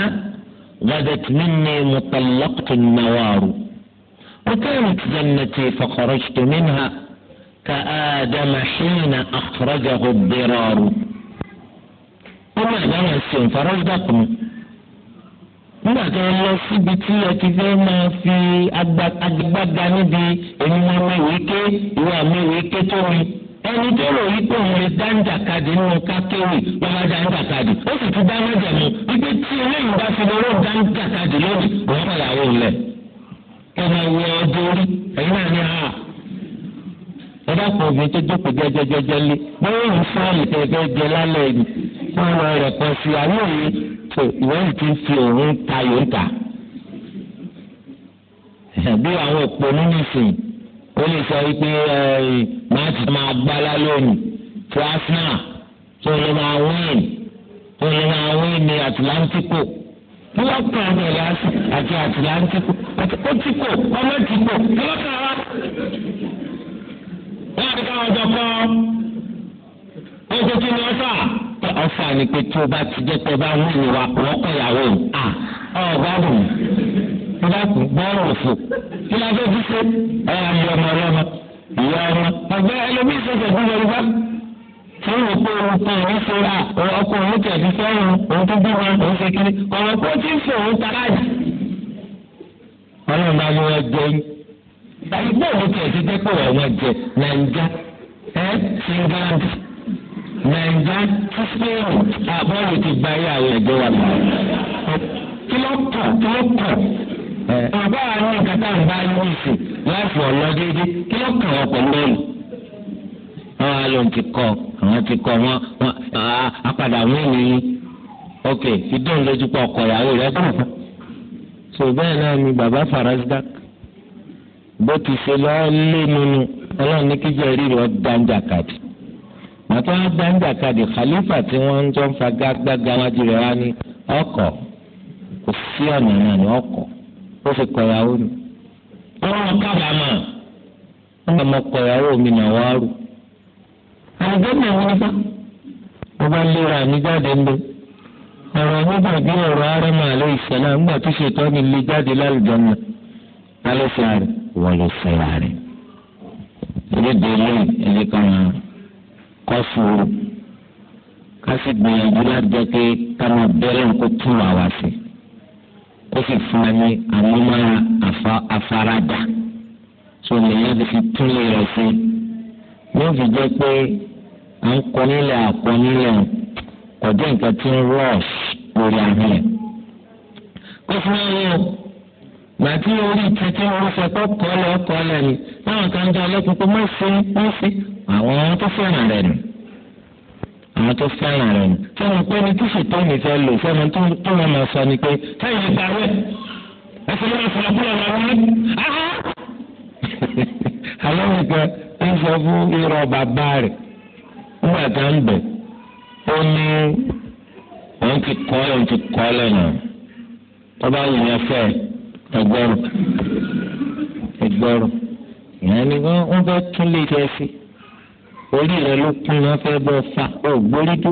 غدت مني مطلقة النوار وكانت جنتي فخرجت منها كآدم حين أخرجه الضرار wọ́n máa yá wọn sí nǹkan rọ́ṣdà kan nígbà tí wọ́n lọ síbi tí ẹ fẹ́ máa fi agbága níbi èmi máa mi ìwé ké ìwé àmì ìwé ké tó mi ẹni tó rò yí pé òun lè nínú kákéwì ó sì ti tí ha ẹ dákun obìnrin tó jẹjẹjẹjẹ lé pọ́n ọ̀rọ̀ rẹ̀ pọ̀ sí àwọn òní tó ìwọ́n ti fi òun ta yòó ta. bí àwọn òpó nínú ìsìn ó lè sọ wípé máa ti máa gbálá lónìí tí Arsenal tó lè máa wíìn tó lè máa wíìn ní Atlantico bí wọ́n kàn án bẹ̀rẹ̀ àti Atlantico àti Otico ọmọ Otico ọlọ́kàn wa. káwọn jọ kọ́ ọ́ ó kò kí ni ọ́ sà ọfà ni pé tí o bá ti jẹ́ pé bá wù mí wà wọ́kọ̀ ìyàwó mi à ọ̀ bá wù mí bí wọ́n kù gbọ́rọ̀ fò kí a fẹ́ fi ṣe ẹ̀ àmì ọmọ rẹ ọmọ ìyá ọmọ ọgbẹ́ ẹlòmíì ṣẹ̀ṣẹ̀ fún yorùbá tí wọ́n pé òun pé òun ṣe ra ọkọ̀ òun tẹ̀sí sẹ́yìn òun tó bí wọn òun ṣe kiri ọ̀rọ̀ kó tí ń fò òun talájì. ọlọ́run bá ní wọ́n jẹ yín àdúgbò òun tẹ̀sí dẹ́pọ̀ wọ́n jẹ nàìjà ẹ́ singland nàìjà tíṣẹ́rù àbọ̀rù ti gba ayé àwọn ẹ̀jẹ̀ wa lọ. kí ló kọ̀ kí ló kọ̀ ọba àwọn ìkàtà ń bá yín ìsìn láìfọ ọ̀nà déédéé kí ló kàn wọ́n pẹ̀lú ẹ̀lú. àwọn ayọ̀ ti kọ àwọn ti kọ wọn apàdà wọn ni ok ìdóhùn lójú pọ̀ ọkọ̀ ìyàwó rẹ̀ kù. sọ bẹ́ẹ̀ náà ni bàbá Farazdak bó ti ṣe lọ́ọ́ lé nínú ọlọ́run ní kíjọ rí rẹ̀ ọ́ dáńjà kàdí màtí wọn gbá ń jàkadì khalifa tí wọn ń jọ ń fa gbágbága wájú rẹ̀ wá ní ọkọ kò sí ọ̀nà náà ní ọkọ ó fi kọyàwó ni. ọlọ́run kábàámọ̀ wọn bá mọ kọyàwó mi náà wá rù. àgbẹ̀mọ̀ wọn bá wọn bá léra mi jáde ńlẹ̀ ọ̀rọ̀ nígbà bí ọ̀rọ̀ arẹ́mọ̀ àlẹ́ ìṣẹ̀lá ńgbà tó ṣètọ́ mi lé jáde lálùjọ náà fẹ́ rẹ̀ wọ́n lè fẹ́ rẹ̀. ìdíje fòrò ká sì gbìyànjú láti jẹ́ pé ká máa bẹ̀rẹ̀ nǹkan tún wà wá sí ó sì fún wa ní àmúmára àfaradà tó nìyẹn ti fi túnlé rẹ̀ sí ní ó fi jẹ́ pé à ń kọ nílẹ̀ àkọ nílẹ̀ kọjá nǹkan tí ń rọ́ọ̀ṣ lórí ahọ́n ẹ̀. ó fún wa ní o gbà tí orí títí wọn fẹ́ kọ́ kọ́lẹ̀ kọ́lẹ̀ ni táwọn kan jẹ́ ọlọ́pàá pé má ṣe má ṣe àwọn tó fẹ́ràn rẹ̀ nù àwọn tó fẹ́ràn rẹ̀ ni. fẹ́ràn pé ní tíṣì tó mi fẹ́ lò fẹ́ràn tó wọn máa sọ ni pé káyọ̀ ìta rẹ̀ ẹsẹ̀ lọ́wọ́ ìfọ̀lọ́bùrọ̀ rẹ̀ wọ́n ní. àlọ́ mi pẹ́ ń sọ fún irọ́ bàbá rẹ̀ nígbà tá ń bẹ̀ ó ní òun ti kọ́ òun ti kọ́ lẹ́nu tọ́ba wù yẹn fẹ́ ẹgbẹ́rún ẹgbẹ́rún ìyẹn ni wọ́n fẹ́ tún lè jẹ́ sí orí rẹ ló kún wọn fẹ́ bọ́ fa ó gbórí tó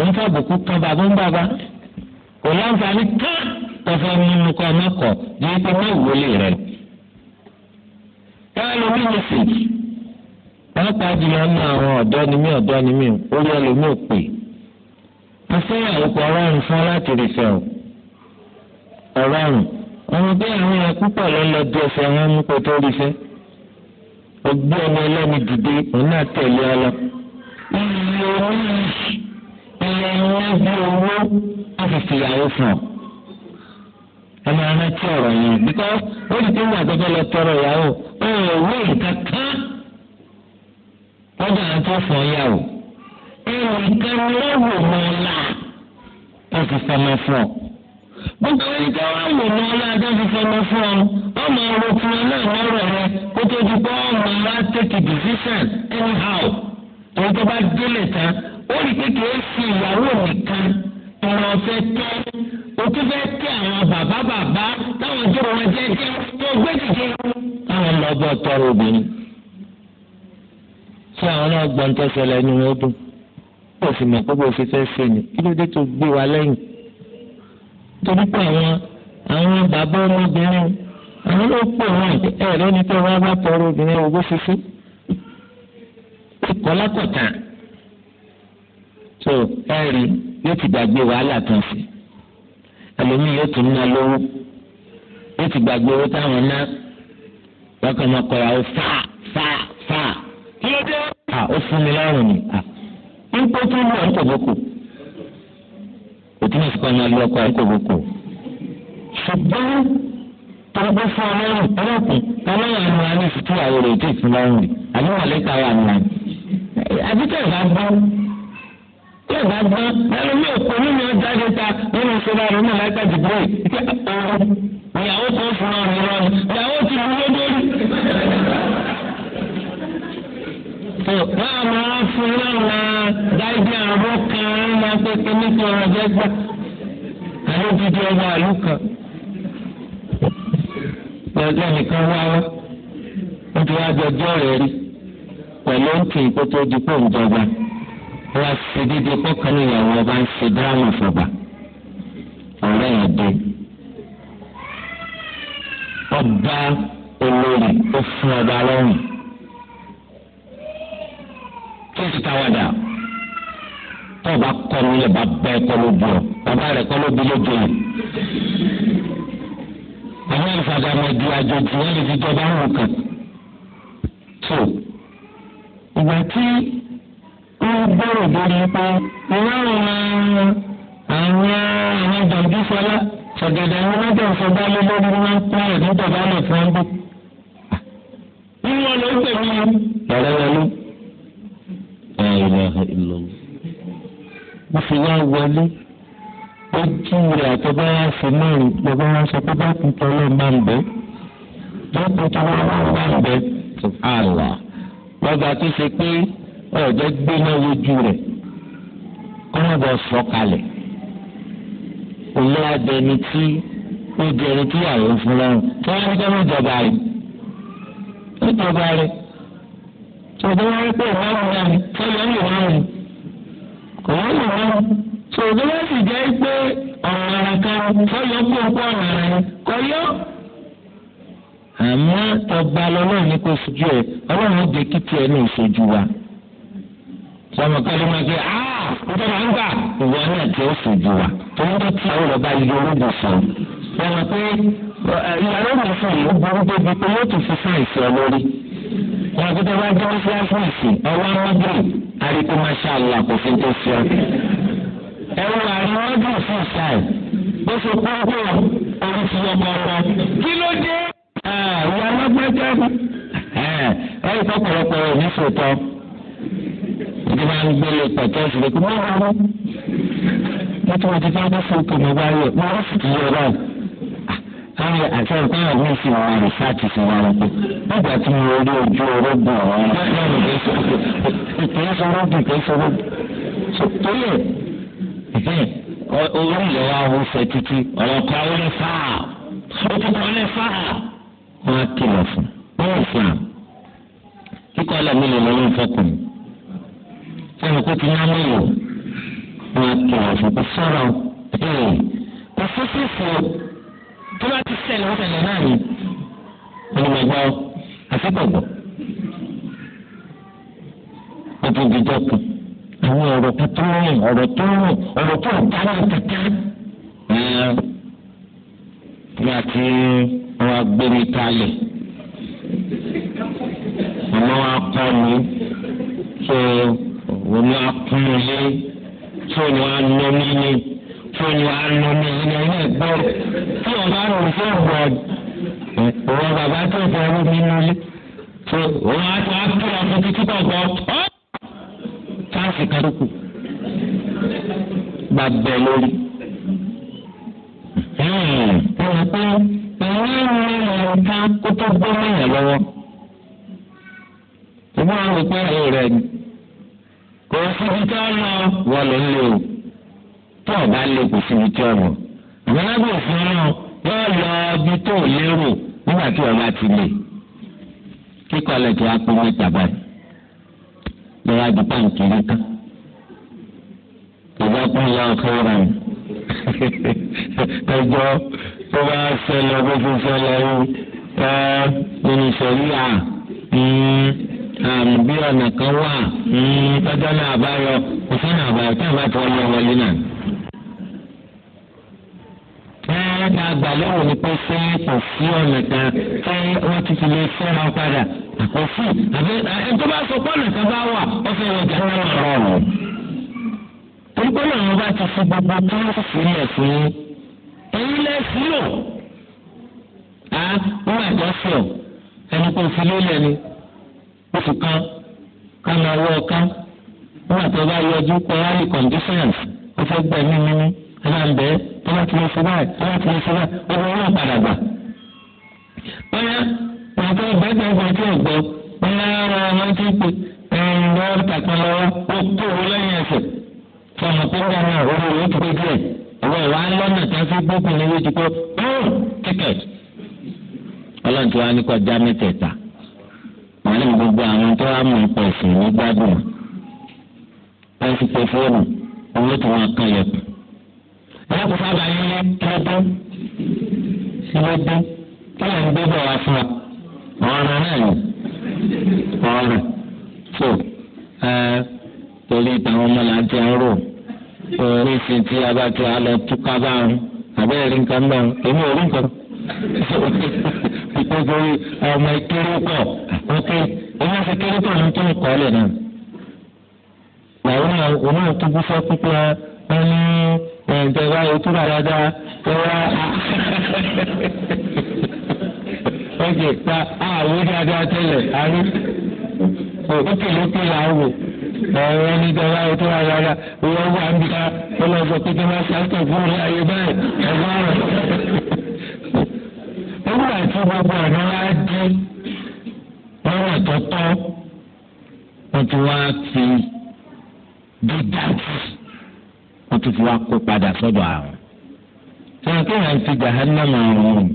òun fàbùkù kan bàbá ń bàbá kò láǹfààní ká tọ́fẹ́ mímú kọ́ mọ́kọ̀ ní ipa má wọlé rẹ. káàlù mi ní sè wọ́n pa jùlọ ní àwọn ọ̀dọ́ ni mí ọ̀dọ́ ni mí orí ẹlòmíì pè afẹ́yà òkú ọlọ́run fún láti rí fẹ́ ọlọ́run ọmọ bí àwọn ẹ̀kú pọ̀ lọ́lọ́ bí ọ̀fẹ́ wọn mú kó tó rí fẹ́ ọgbẹ́ ọmọ ẹlẹ́ni dìde òun náà tẹ̀lé ọ lọ. iye owó yìí iye owó bí owó á fi fún ọ. ẹ máa rántí ọ̀rọ̀ yẹn bíkọ́ ó ti tẹ́wọ́ àgbẹ̀fẹ́ lọ tọrọ ìyàwó ó rẹ̀ wé kankan lọ́dọ̀ àwọn tó fọ̀ ọ́ yàwó. ẹ̀rù ìkànnì lọ́wọ́ fún ọ gbogbo ẹni tí wọn wò ní ọlọ́dẹ fífẹ́ lọ fún ọ wọn máa ro tiwọn náà lọ́rọ̀ rẹ kó tó di pé wọn máa wá tètè decision anyhow tòun tó bá délé tán ó rí pé kìí ṣe ìyàwó nìkan ọ̀rọ̀ ọ̀fẹ́ tẹ́ o tún fẹ́ tẹ àwọn bàbá bàbá táwọn jòrò wọn jẹ́ jẹ́ tó gbé dìde. táwọn lọ bọ tọrọ obìnrin tí àwọn náà gbọ́n tó ṣẹlẹ̀ ni wọ́n dùn kó o sì mọ̀ pé o fi fẹ́ ṣe kí ló dé tó gbé wa lẹ́yìn torí pé àwọn àwọn bàbá ọmọbìnrin àwọn ló pè wọn ẹ lónìí pé wọn bá tọrọ obìnrin ogún fífún kọlákọ̀tà tó ẹ rí yóò ti gbàgbé wàhálà kan sí ẹlòmíì yóò tún ná lówó yóò ti gbàgbé owó táwọn ná lọ́kàn máa kọ̀ ìyàwó fà fà fà kí ló dé. ó fún mi lọ́rùn ni. ń kó tó lù ọ́ ń kò bókù òtún ìsìnkú ọmọ ilé ọkọ ẹ̀kọ́ gbogbo. ṣùgbọ́n tọ́gbọ́ fún ọlọ́run ọlọ́kùn ọlọ́run àmì wa ní ìsìnkú àwọn èrè tó ìsìnkú ọrùn rẹ̀ àbí wọ́n lẹ́ka wà ní wọn. àbíkẹ́ ìgbà gbọ́ kí ìgbà gbọ́ ẹni mi ò kó nínú ọjà àjẹta nínú ìṣẹ̀lẹ̀ àrùn náà láìpẹ́ dìbò ìyàwó kan fún ọrùn ìrọ̀rùn ìyàwó ti wúlé lórí. wọ́n á máa fún láwọn dáìdí àrùn kan máa pé pé nípa ọ̀rọ̀ jẹ́ gbà àwọn òdìdí ọba àlù kan. lọ́jọ́ nìkan wá wá wọ́n ti wá jọjọ́ rẹ̀ rí pẹ̀lú òǹkì kó tó di pò ń jọba wọ́n á ṣe dídí ọba ń ṣe dírámà fọba ọ̀rẹ́ yẹn dé ọba olórí ó fún ọba lọ́rùn kí n ti ta wàdà tó o bá kọlu lè bá bẹ kọlu bí o bàbá rẹ kọlu bí lójú yìí àwọn ìfàgàmọ̀ ju àjòjì wọn lè fi jọba hàn kan tó ìgbà tí wọ́n gbọ́rọ̀ lórí pé ìwọ́n àwọn àwọn jọ̀jú fọlá sọ̀gẹ̀dẹ̀ àwọn ọmọdé ọ̀fọ̀gbá lé lórí wọn ń pín ẹ̀dín fún ọ́n bí. nínú ọ̀nà ó tẹ̀lé yẹn. lọ́lọ́lọ́lọ́ ilaha illallah wọ́n fi wá wọlé ojú rẹ̀ àtọ́gbá wá fi mẹ́rin gbogbo wọn sọ pé bá kún tọ́lọ́ máa ń bẹ́ lọ́kùn tó wọ́n wá máa ń bẹ́ àlà lọ́gbà tó ṣe pé ọ̀jọ́ gbéná wojú rẹ̀ kọ́nàbọ̀ sọ̀kalẹ̀ olóyà tí ó dẹni tí àwọn fúnra wọn tí wọ́n á ní kí wọ́n rẹ̀ ó rẹ̀ òde wọn ń pè máàmù náà ni sọlá ń lò máàmù ni kò wọ́n lò máàmù tó òde wọn sì jẹ́ pé ọ̀nà kan sọlá kó kó ọ̀nà rẹ̀ kọ́ yọ. àmọ́ ọba lọ́lọ́ ní kò sojú ẹ̀ ọlọ́run ó de kíkì ẹ̀ ní ìṣojú wa. sọmọ kálí máa gbé ah ọjọ́ máa ń gbà ìwọ náà jẹ́ òṣojú wa tó ń bá tí àwọn ọba yìí ológun fún un. sọmọ pé ìyàrá òun fún ìlú burú débi pé yóò tún fi sáà ìfẹ́ lórí wọn kó tó bá jẹ́ wọ́n fẹ́ fún ìsìn ọwọ́ mọ́gìrì àríkú mashallah kò fi tó fi ọ́. ẹ wọ àárín mọ́gìrì fún ìsáì bó ṣe pọ́ńpọ́ orí ti yọ ọmọ ọmọ kí ló dé. ìwà alágbẹ́jẹ́ ẹ ẹ ọ̀pọ̀lọpọ̀ ní sòtọ́ ìjọba ń gbélé pẹ̀tẹ́ ìṣẹ̀lẹ̀ kí wọ́n wá mọ́. wọ́n tún wọ́n ti fẹ́ mọ́ fún òkè wáyé wọ́n sì ti yọ báyìí sáré àti ẹ̀kọ́ àwọn ọ̀gbìn sì wọn rìsáàtì sì wọn gbé nígbà tí mo rí ojú orógùn ọ̀hún ìpínlẹ̀ orógùn ìpínlẹ̀ orógùn tóyè orí ilẹ̀ wa wò fẹ́ títí ọ̀rọ̀kọ̀ orí fáà òtútù orí fáà wọn á kìlọ̀ fún bẹ́ẹ̀ fún kíkọ́ ọ̀la mi lè lọ́wọ́ fọkùnrin sọ̀rọ̀ kó ti yá mélòó wọn á kìlọ̀ fún kó sọ̀rọ̀ bẹ́ẹ̀ kó fífi fún tó bá ti ṣẹlẹ̀ wọ́n ṣẹlẹ̀ náà ni wọ́n mọ̀ gbọ́ àfẹ́gbọ̀gbọ̀. ògìdìjọ kan àwọn ọ̀rọ̀ tó tó rìn ọ̀rọ̀ tó rìn ọ̀rọ̀ tó dáná kàkà. ní àti wọn agbèrè kalẹ̀ ọmọ wa kọ́ mi tó wọn akún mi lé tó wọn anọ́ mi ní tó ní alọ ní ilé ní ìgbó tí o bá rò fún ọgbọ ìwọ bàbá tó fọ ọrú mi nílé tó wọn á tó ápùlọ fún títí kọkọ ọ táàsì kan kù bá bẹ lórí. ọ̀rọ̀ pé ìwé ìrìn ẹ̀ka kó tó gbé mẹ́yìn lọ́wọ́ ìwọ àwọn olùkọ́ ẹ̀rọ rẹ̀ ni kò sí ibi tí wọ́n lọ wọ́n lọ lé o tó ọ̀gá lè kò síbi tí ọ̀rọ̀ àmọ́ lábẹ́ òfin náà yóò lọ ibi tó lérò nígbà tí ọba ti lè kíkọ́ lẹ̀ tó apò mẹ́ta báyìí lọ́wọ́ adi pàǹkì rí ká ìgbà kún ìyá ọ̀fẹ́ rà mí ẹjọ́ tó bá ṣẹlẹ̀ bó ti ṣẹlẹ̀ yìí ẹ nínú ìṣẹ̀lẹ̀ à àmì bí ọ̀nà kan wà tọ́jọ́ náà àbáyọ òfin àbáyọ tí a bá tọ́ ọ lọ wọlé náà ẹ máa gbà lérò ni pé ṣé kò sí ọ̀nà kan ṣé wọ́n ti fi lè fẹ́ra padà kò sí àbí ẹ tó bá sọ pọ́nà kan bá wà ó fẹ́ lọ jà náà rọrùn. torípé làwọn bá ti fi gbogbo kíláàsì sílẹ̀ fún yín èyí lẹ́ sílò á wọ́n àjọ sí ọ ẹni kò fi lélẹ̀ ni oṣù kan ká máa wọ ọ̀kan wọ́n àtọ́ bá yọjú pé early conditions ó fẹ́ gbẹ̀mí mímí ẹ máa ń bẹ́ẹ̀ tó bá ti lọ sí báyìí tó bá ti lọ sí báyìí ọmọ wọn padà gbà. bóyá pàtó ìgbẹ́jọ́ ìgbà tí ò gbọ́ bóyá ara wọn ti pè ẹ̀rọ lọ́wọ́ tàpá lọ́wọ́ ó kó owó lẹ́yìn ẹ̀sẹ̀ fọmọ pé wọn náà owó rẹ̀ ti gbé díẹ̀ ọwọ́ ìwà lọ́nà tá a fi gbókùn ní owó ti pé bóun tíkẹ̀tì. ọlọ́run ti wá ní kọjá mẹ́tẹ̀ẹ̀ta wọn ní gbogbo àwọn tó wá mú ìpẹ̀sìn ní wọn kò sábà yẹn lọ́dọ́ lọ́dọ́ tọ́lá ń gbẹ́bọ̀ wá fún wa ọ̀rọ̀ náà ni ọ̀rọ̀ tó torí ìtàwọn ọmọ là ń ti rò orí sin tí a bá ti a lọ túká bá ń abẹ́rẹ́ nǹkan náà èmi ò rí nǹkan ìtọ́jú ọmọ ìkéré pọ̀ ok ọmọ ìkéré pọ̀ ló ń kọ́ lẹ̀ náà làwọn ọmọ tó bú fẹ́ pípẹ́ wọn ní ẹ̀ǹtẹ̀ bá yóò túbà dáadáa tó wá. ọjọ́ ìpa àwọn dáadáa tẹ́lẹ̀ àrí òkè lókè là ń wò ẹ̀rọ ní dọ́là yóò túbà dáadáa owó wà ń bí ká ọlọ́sọ pé jẹ́wọ́ sáńtọ̀ fún mi àyè báyìí ẹ̀gbọ́n rẹ̀. nígbà tí gbogbo ọ̀nà wa dé lọ́wọ́ tọ́tọ́ wọ́n ti wá fi dídá sí wọ́n tún fi wá kó padà sọ́dọ̀ àrùn. sọ̀rọ̀ kí wọ́n ti jahannama àrùn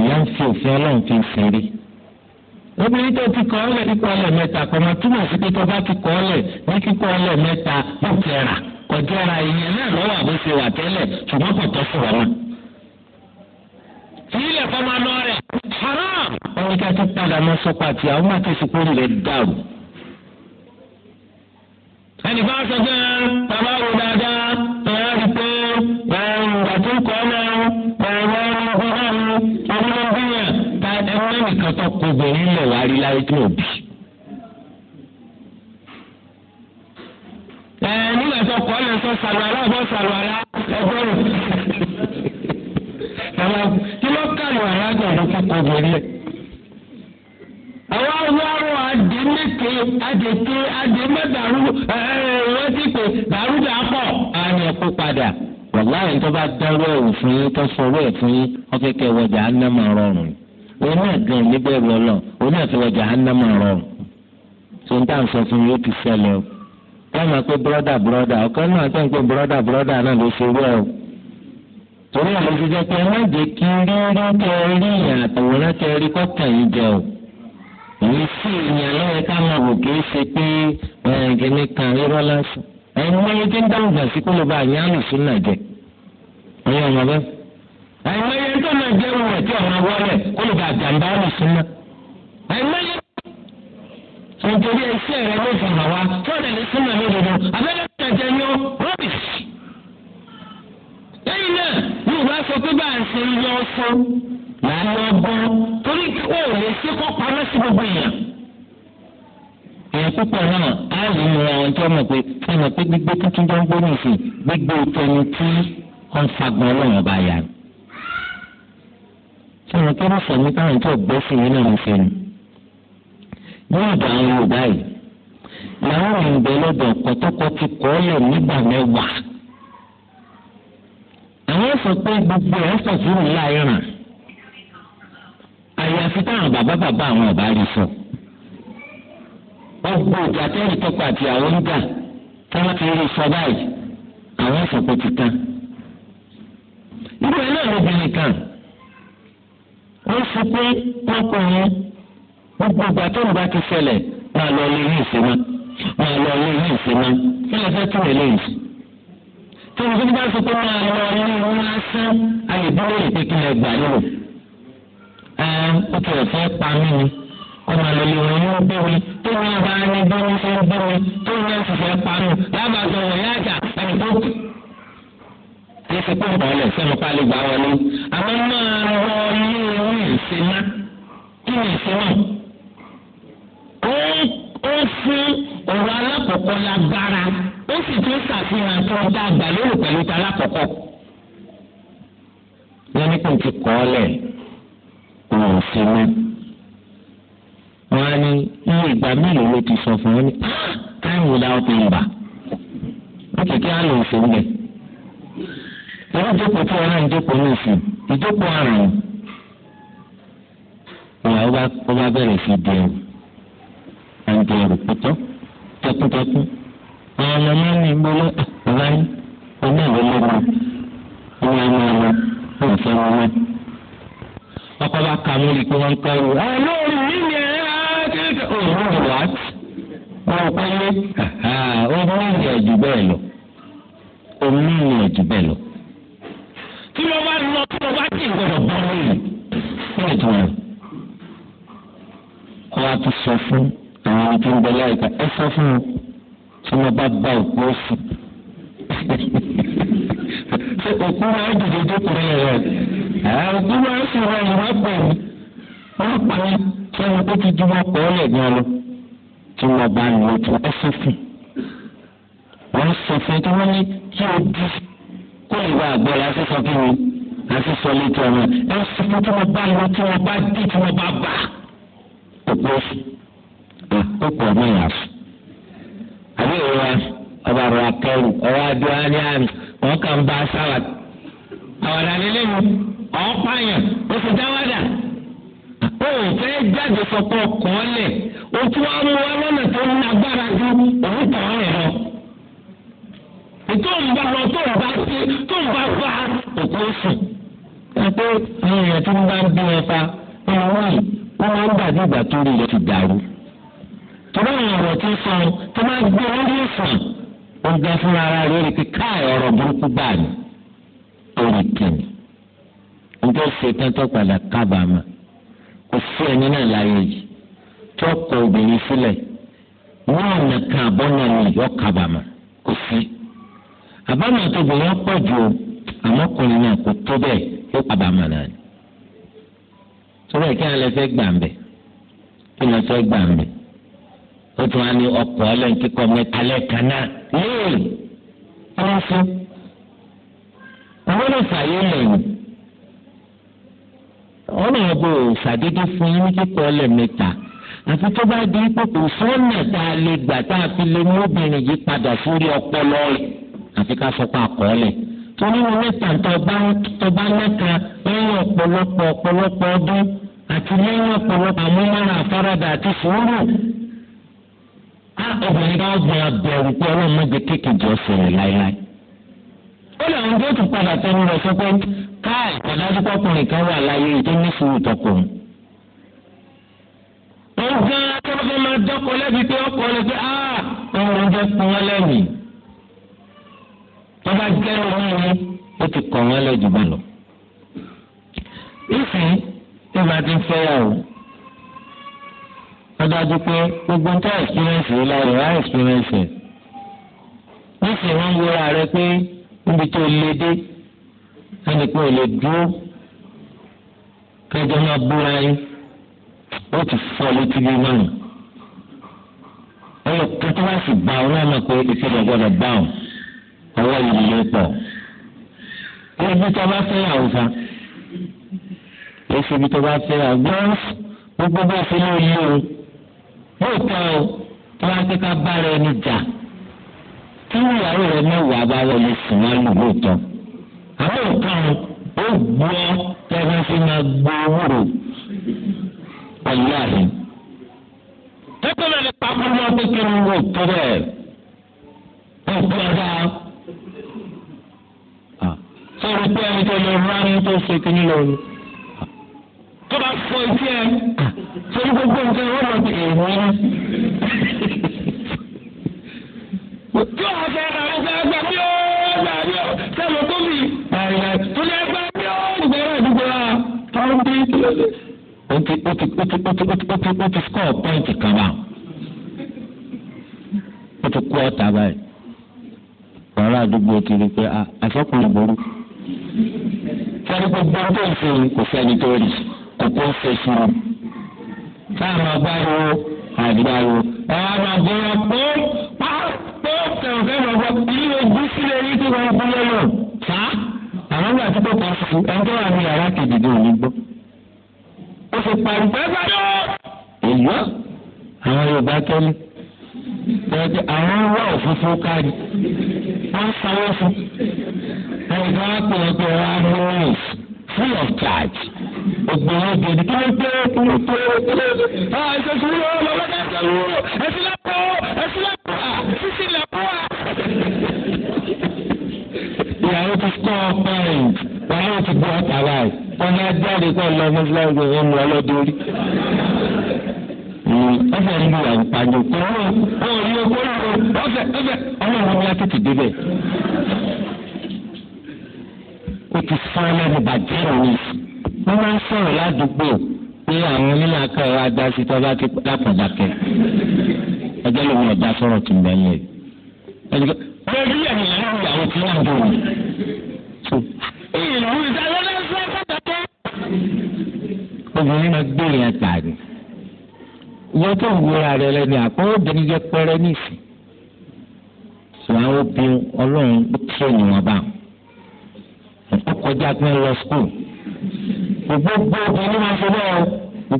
ìyá ń fi òfin ọlọ́run fi ṣeré. obìnrin tó ti kọ́ ọ́lẹ̀ kíkọ́ ọ́lẹ̀ mẹ́ta kọ́ máa túmọ̀ sí pé tó bá ti kọ́ ọ́lẹ̀ ní kíkọ́ ọ́lẹ̀ mẹ́ta ó kẹra kọjọra ìyẹn náà lọ́wọ́ àbó ṣe wà tẹ́lẹ̀ ṣùgbọ́n kò tọ́ sí wọn. sílẹ̀ fọmọ lọ rẹ̀ haram. wọ́n ní ká tó padà máa sọ pàtì àwọn máa tẹ̀sí pé ó lè dàrú. ẹnì kan sọ fẹ́ẹ́. láyé tí ò ẹ nígbà tó kọ́ lè sọ sàlùwàlá ọ̀bọ̀ sàlùwàlá ẹgbẹ́rún. kí ló kàlù àyájọ ló kọ́ kọ́ bẹ̀rẹ̀ rẹ̀. àwọn awọ́rọ̀ adé mẹ́kẹ́ adèké adé wọ́n ti pè a ní ẹkú padà wàláyé tó bá tó fọwọ́ ẹ̀ fún yín máa òun náà gan níbẹ̀rù ọlọ́run òun náà fi wọ jahannama rọrùn tó ń tà ń sọ fún yóò ti ṣẹlẹ̀ o táwọn máa pé na bọ́rọ́dà ọ̀kan náà tó ń pè bọ́rọ́dà bọ́rọ́dà náà ló ṣe wẹ́ o torí àwọn pé má jẹ́ kí rírí ìyàn àtàwòrán kọ́kàn yìí jẹ o èyí ìyàn lọ́wọ́ ká máa wò kí ṣe pé kan irọ́ lásán mọ́ àìmọye ń tọ́nà jẹun rẹ̀ tí ọ̀nà wọlé kó lè bá àjàmbá ọ̀nà súnmọ́. àìmọye nítorí ẹsẹ̀ rẹ̀ ló fi hàn wá tí ọ̀nà lè súnmọ́ ní òdodo abẹ́rẹ́ ìjà jẹ ní rọ́bìsì. lẹ́yìn náà yóò wá sọ pé bá a ṣe ń yọ ọsán là ń lọ bọ́ torí kó o lè ṣe kó pamọ́ sí gbogbo èèyàn. èèyàn púpọ̀ náà á rí mu àwọn tí wọ́n mọ̀ pé fún mi pé gbígbé tuntun jọ ń gbóná ìsìn gbígbé ìtọ́ni tí wọ́n ń fagbọ́n ọlọ́run ọba yàrá àwọn tó ń sẹ̀mí táwọn tó gbọ́ sí yẹn náà ń fẹ́ ni. ní ọ̀dọ̀ àwọn yorùbá yìí làwọn ìgbẹ́ lọ́dọ̀ kọ́tọ́kọ́ ti kọ́ lẹ̀ nígbà mẹ́wàá. àwọn sọ pé gbogbo ẹ̀ sọ fún mi láì ràn. àyàfi táwọn bàbá bàbá àwọn ọ̀bá rí sọ. ọgbọ́n ìjà tẹ́lẹ̀ tọ́pọ̀ àti àwọn ń jà tí wọ́n ti rí sọ báyìí àwọn sọ pé ti tán. irú ẹ̀ náà lóbìnrin kan ní sípé pọ́ńpọ́ yẹn gbogbo ìgbà tó ń bá ti ṣẹlẹ̀ máa lọ ilé yìí sí mọ́ máa lọ ilé yìí sí mọ́ kí lè fẹ́ tún lè lè yìí. tí mo fi bá sọ pé máa lọ ilé wọn lásán ayé dúró lè pé kí lè gbà nílò. ẹ ó ti rẹ̀ fẹ́ pa mí ni ọmọ àlọ́ lè wọ́n yóò bí mi tó ní ọba ní bí mi ṣe ń bí mi tó ní ẹ̀sìn fẹ́ pa mí lábàá sọ̀rọ̀ yáàjà ẹ̀ ní ti pọ̀ pọ̀ lẹ̀ sẹ́nu pálí gbà wọlé àmọ́ máa wọ ilé orí ìsinmi kí ni ìsinmi ó fún ọ̀rọ̀ alákọ̀ọ́kọ́ lágbára ó sì tún ṣàfihàn tó dá àgbà lórí pẹ̀lú ta alákọ̀ọ́kọ́ wọ́n ní kò ti kọ́ ọ lẹ̀ kò sí mi wọ́n á ní iye ìgbà mélòó ló ti sọ fún wọn ní káyọ̀ wò láwọn pé ó kìkì á lò ó fún mi irú ìjókòó tí wọn náà ń jókòó ní ìsìn ìjókòó àrùn ìyá ó bá bẹ̀rẹ̀ sí di ẹrù àǹtí ẹrù pẹ̀tọ́ tẹkútẹkú àwọn ọmọ náà ní ìgbọ́lọ́ ọ̀la ah, yín oní ìwé lọ́wọ́ ìwé ọmọ ọmọ ó wọn wá. ọkọ bá ka mú ikú wọn kọ́ ẹrù olórí ah, mi ni ẹ á kéka òun ò wá wọn ò pẹ́ lé ọ̀hún ìyẹn lọ òun ìyẹn jù lọ kí ló wá lọ kí ló wá sí ìgbọ̀dọ̀ pọ̀ lórí. wọ́n ti tọ̀wọ̀ kó wa ti sọ fún àwọn tó ń bẹ láìka ẹ sọ fún un tí wọ́n bá bá òkú òfù. òkú máa ń dìde dókòrò yẹn rẹ̀ òkú máa ń sọ̀rọ̀ ìwà pọ̀ ní wọ́n pa ní sẹ́yìn tó ti dúró pọ̀ lẹ́gbẹ̀ẹ́ lọ tí wọ́n bá lò tó ẹ sọ fún un. wọ́n sọ fún un tí wọ́n ní kí o dì í kó lè bá àgbọ̀ la sísọ kí wọn àti sọ létí ọmọ ẹ sì fún tí wọn bá lọ tí wọn bá dé tí wọn bá bà òpó àkókò ọmọ yà fún. àbí ìrora ọba àrùn akẹ́rù ọwọ́ adé wa ní àmì wọn kà ń bá sáwà àwàdà nílé mi ọ̀hún pààyàn ó fi dáwàdà ó fẹ́ jáde sọ pé ọkàn lẹ̀ ó tún wá mú wa lọ́nà tó ń nagbára ju òun tàn án rẹ̀ ètò ìgbà lọ tó ń bá ṣe tó o bá fa òkú oṣù. pé àwọn èèyàn tí wọ́n bá ń bí wọn pa ẹ̀rọ yìí wọ́n máa ń dàbí ìgbà tó rí rẹ̀ ti dàrú. tọ́lá àwọn ọ̀rọ̀ tí ń sọ tó máa gbé lórí ìsàn ó ń gbẹ fúnra ara rẹ̀ rí pé káà ọ̀rọ̀ burúkú bá ní orí kìnnì. njẹ́ ṣetán tó padà kábàámà kò sí ẹni náà láyé yìí tó kọ obìnrin sílẹ̀ wọ́n ọ̀nà kan àbọ̀nà ni yọ kábàámà kò sí àbámu àtọkùnrin pọ̀ ju àmọ́kùnrin náà kò tó bẹ́ẹ̀ ó padà náà ni. sọ́dọ̀ kí alẹ́ fẹ́ gbà ń bẹ̀ kí lọ fẹ́ gbà ń bẹ̀ ó tún á ní ọkọ̀ ọlẹ́yìn kíkọ́ mẹ́ta lẹ́ẹ̀kan náà lẹ́yìn ọ̀rọ̀ fún àwọn ọ̀fààyè lẹ́yìn ọ̀nà ọ̀bọ̀ ṣàdédé fún yín kíkọ́ ọlẹ́mẹ́ta àti tó bá di pé kò fọ́ọ̀nà tá a lè gbà tá a fi lè mú obìnrin yìí padà sórí ọpọlọ rẹ̀. àfi ká fọpá àkọọ́lẹ̀ torí wọn mẹta tọba lẹ́ka lẹ́yìn ọpọlọpọ ọpọlọpọ ọdún àti lẹ́yìn ọ̀pọ̀lọpọ̀ àmúmára afọrọdụ àti fòórò á obìnrin bá gba bẹ̀rù pé ọlọ́run mẹ́jẹ jọ láéláé. ó lè padà tẹnu fún pé kan wà láyé tọkùnrin. ó gbọ́n tó bá jẹ́ lómi ó ti kọ̀ wọ́n lẹ́jù bá lọ. ìsìn tí màá ti fẹ́ yà ó adájú pé gbogbo ń tẹ́ ẹ̀sìpírẹ́ǹsì lára ẹ̀ á ẹ̀sìpírẹ́ǹsì nísìnyí wọ́n ń wúra rẹ pé níbi tó lé dé ẹnì pé ò lè dúró kẹjọ máa búra yín ó ti fọ́ létí bí náà ẹ̀yọ̀ kẹtọ́ wá sì gbà náà mọ̀ pé ìṣẹ̀lẹ̀ gbọ́dọ̀ bá ọwọ́ ìlú pọ̀ ibi tó bá fẹ́ àwùjọ èsì ibi tó bá fẹ́ àgbọ̀n gbogbo bá fi ló yí o yóò tọ́ o tó bá fẹ́ ká bá rẹ ní jà tí ìyàwó rẹ mẹ́wàá bá wọlé sùn wá lù lóòótọ́ àmọ́ nǹkan ó gbọ́ tẹ́lẹ̀ fi máa gbọ́ wúrò pẹ̀lú àrùn tẹ́tọ́ lọ́ọ́ lè pa fún mi ọ́ pé kí n wò tó bẹ́ẹ̀ ó gbọ́ dáa ẹrù pé ẹni tó lè rán ẹni tó ṣe kí nílò tó bá fọ etí ẹ sórí gbogbo nǹkan wọn lọ sí ìwọ ṣe ra ẹgbẹ́ mi ó gbà mí ó sẹ́nu tó mi. tó lè gbà mí ó gbà mí àdúgbò wa tọ́lú bí kílódé. ti ó ti ó ti ó ti ó ti ó ti ó ti score point kan bá ó ti kú ọ̀tá báyìí. wàhálà àdúgbò ti rí i pé àfọkùnrin burú sọ́dọ̀ gbogbo tó ń fi kò sẹ́ni tó rí kò kó ń fẹ́ sí wọn. táwọn máa bá wo àdúrà wo àwọn àgbàgbọ́n pé pé kẹ̀kẹ́ lọ́wọ́ ilé ogún sílẹ̀ yìí tó wọ́n gbúlẹ̀ lọ. fa àwọn ìgbà tí kò kọ́ fún ẹni tó wà ní yàrá kejì ní òní gbọ́. ó fi parí pẹ́ẹ́fà lọ. èyí àwọn Yorùbá kẹ́lẹ́ tẹ́lẹ̀ àwọn wà òfófó káàdì wọ́n sanwó fún un ẹnì kan á pè é pé wọ́n á mú free of charge ògbìn ògbìn ní kí ló dé kí ló dé kí ló dé ah ẹsẹ sùúrù ó lọ lọ́dọ̀ ẹsẹ wúrò ẹsẹ lẹ́pọ̀ ẹsẹ lẹ́pọ̀ à sísè lẹ́pọ̀ à. ìyàwó ti kọ́ ọ pẹ́ẹ́n wọn yóò ti gbọ́ ọ̀tá báyìí wọn ní ajáde kọ́ lọ mọ́sálásí gbogbo ń lọ lọ́dọ̀ orí. ọ̀fẹ́ ní bí wàá kọ́ ọ́ ọ́ rí okòó ọ̀fẹ́ ọ̀fẹ́ ọlọ́run ni a tètè débẹ̀ ti sán lẹ́nu bàjẹ́ òní wọ́n máa ń sọ̀rọ̀ ládùúgbò pé àwọn onílà kẹrọ adásí tó bá ti dákọ̀dákẹ́ ẹjẹ́ ló wọ́n ọ̀dá sọ̀rọ̀ tó ń bẹ̀ lẹ̀ lórí ẹ̀yìn lẹ́yìn ìyàwó tí wọ́n ń bọ̀ wọ́n. ìlú ìdájọ́ lọ́sọ̀ kọ́tàkọ́. obìnrin náà gbé yẹn tà ní. ìyẹn tó ń wúra rẹ lẹ́nu àpò obìnrin jẹ́ pẹ́rẹ́ nísì. sọ àwọn obìnrin ọlọ́run ó kọjá pé ń lọ skul gbogbo obìnrin máa ṣe bẹ́ẹ̀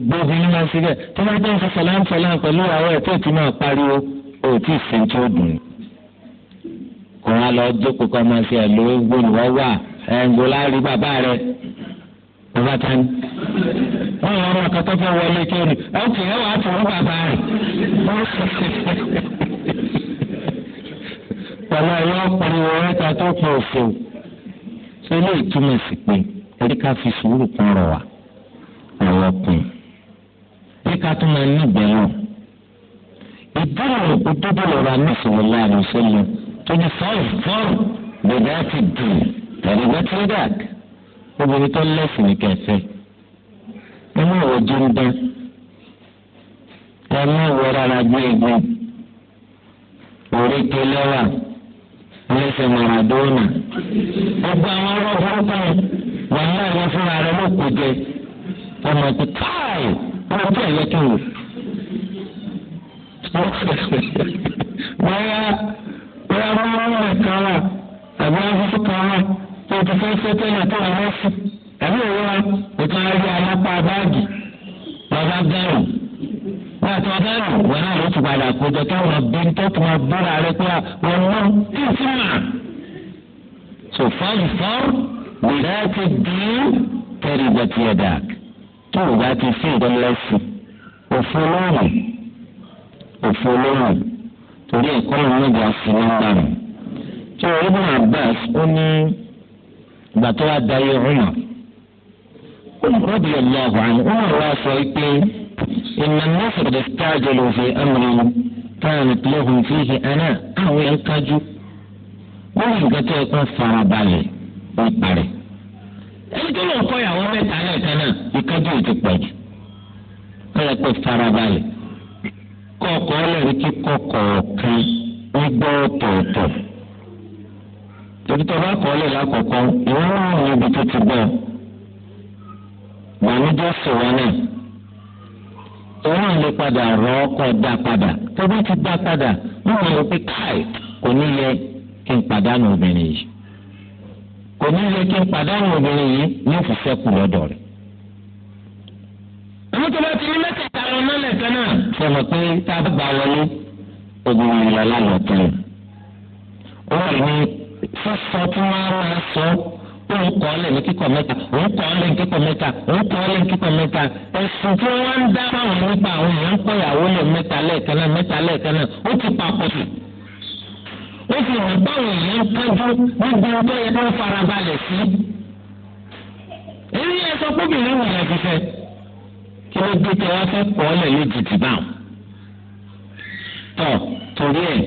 gbogbo obìnrin máa ṣe bẹ́ẹ̀ tó máa dẹ́n ṣe sàlám sàlám pẹ̀lú àwọn ẹ̀ tó ti máa pariwo ó ti sìn tí ó dùn kò wá lọ jókòó kan máa ṣe ẹ̀lò gbólùwọ́ wà ẹ̀ ń gbólá rí bàbá rẹ bàbá tán wọn lọ rọ ọkọ tó fẹ́ wọlé kí ni ẹ ó tìyẹ wàá fọwọ́ bàbá rẹ pẹ̀lú ẹ̀yọ́ pariwo ẹ̀ta tó pọ̀ fún un sọlá ìtumọ̀ sí pé ẹ̀rí ká fi sùúrù kan rọ̀ wá ọ̀rọ̀ kùn ẹ̀rí ká tún máa ní ìbẹ̀rù ìbéèrè òdodo lọ́rọ̀ anísọ̀rọ̀ láàrin sọ́lá tó ní fáwọn fáwọn bẹ̀rẹ̀ àti dùn tàbí wẹ́tíńdàg obìnrin tó lẹ́sìn ní kẹfẹ́ nínú ọ̀rọ̀ jíńdá ẹ̀mí ìwọ rárá gbé egun òrí tó lẹ́wà lẹ́sẹ̀ Maradona gbogbo àwọn ọ̀rọ̀ burúkú wọn náà lọ fún ara ló kó jẹ ọmọ ìpè káì wọn tẹ ẹyẹ tó wò bóyá bóyá bóyá wọn kàn wá àbí wọn fún kàn wá tó ti fẹ́ fẹ́ tẹ́lẹ̀ tó wọn fún àbí òwúrọ̀ òtún ayé alápá báàgì bàbá gáàrù wọn àti wọn fẹ́ràn wọn náà ló ti padà kójọ káwọn ọ̀gbìn tó tún wọn búra rẹ pé wọn mú kí n fún wa. so fọ́ọ̀lù fọ́ọ̀lù wìlá ti di tẹ̀rí gbẹ̀tì ẹ̀dá tó o bá ti fi ìdán lẹ́sìn òfin olóhùn òfin olóhùn torí ẹ̀kọ́ ló ń fún wọn gbà tó o ibùdó Abbas ó ní ìgbà tó wá dayé ọ̀nà ó ní rọ́bì ọ̀lá ọ̀hún ó ní ìwà sọ pé. إن الناس قد استعجلوا في أمر كانت لهم فيه أنا أو ينكجوا wọ́n nǹkan tó yẹ kó farabalẹ̀ ó parẹ́. ẹni tó lọ kọ́ ìyàwó mẹ́ta lẹ́ẹ̀kan náà ìkájú ò ti pọ̀ jù. ó yẹ kó farabalẹ̀ kọ́ọ̀kọ́ lẹ́rìí kí kọ̀ọ̀kan ó gbọ́ ọ̀tọ̀ọ̀tọ̀. torí tó bá kọ́ lẹ̀ lákọ̀ọ́kọ́ ìwọ́n wà ní ibi tó ti gbọ́. màmí jẹ́ sọ̀rọ̀ náà òun lè padà rọ ọkọ̀ dá padà tó bá ti dá padà wọ́n máa rò pé káì kò ní yẹ kí n pàdánù obìnrin yìí kò ní yẹ kí n pàdánù obìnrin yìí ní òfìfẹ́ kù lọ́dọ̀ rẹ̀. àwọn tó bá ti ní mẹ́tẹ̀ẹ̀ta lọ mọ́lẹ̀ kan náà. sọ̀rọ̀ pé tá a bá gba wọlé obìnrin yìí lọ́la lọ́tẹ̀ẹ̀. ó wà ní sọ́sọ́ tí wọ́n á máa sọ tó ń kọ́ ọ́lẹ̀ ní kíkọ́ mẹ́ta òun kọ́ ọ́lẹ̀ ní kíkọ́ mẹ́ta òun kọ́ ọ́lẹ̀ ní kíkọ́ mẹ́ta ẹ̀sùn tí wọ́n ń dá fáwọn nípa àwọn èèyàn ń pẹ̀yàwó lẹ̀ mẹ́ta lẹ́ẹ̀kan náà mẹ́ta lẹ́ẹ̀kan náà ó ti papọ̀ sí. ó fi hàn báwọn èèyàn ń tọ́jú gbogbo ọgbẹ́ yẹn ń farabalẹ̀ sí. èyí ẹ sọ kóbìnrin wọ̀nyẹn fífẹ́ kí ló dé tẹ wá fẹ́ kọ́ ọ́lẹ̀ lójijì báwọn. tọ́ torí ẹ̀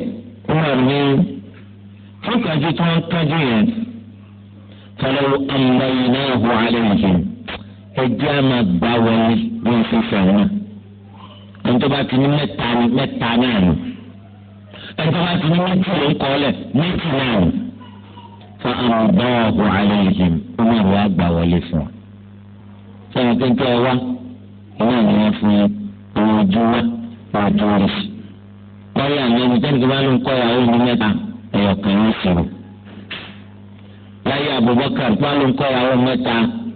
ó rà ní kálọ̀ àmàlẹ́ náà wọ alẹ́ yìí ẹjẹ́ àmà gbà wọlé bí wọ́n fi fẹ̀ wọn. ẹ̀ńtọ́ba ti ní mẹ́ta ní mẹ́ta náà nù. ẹ̀ńtọ́ba ti ní mẹ́tì ló ń kọ́ lẹ̀ mẹ́tì náà nù. fa àmàgbà wọ alẹ́ yìí ọmọ ìlú àgbà wọlé fún wa. sọ̀rọ̀ kéńtẹ́ wa ìwé ni wọ́n fún owó ojú wa ojú orí. wọ́n yà ní ẹni tẹ́ni bá ló ń kọ́ ìyàwó ní mẹ́ta ẹ̀yọ̀kan ní ìṣòro láyé Abubakar pálọ̀ ń kọ́ ìyàwó mẹ́ta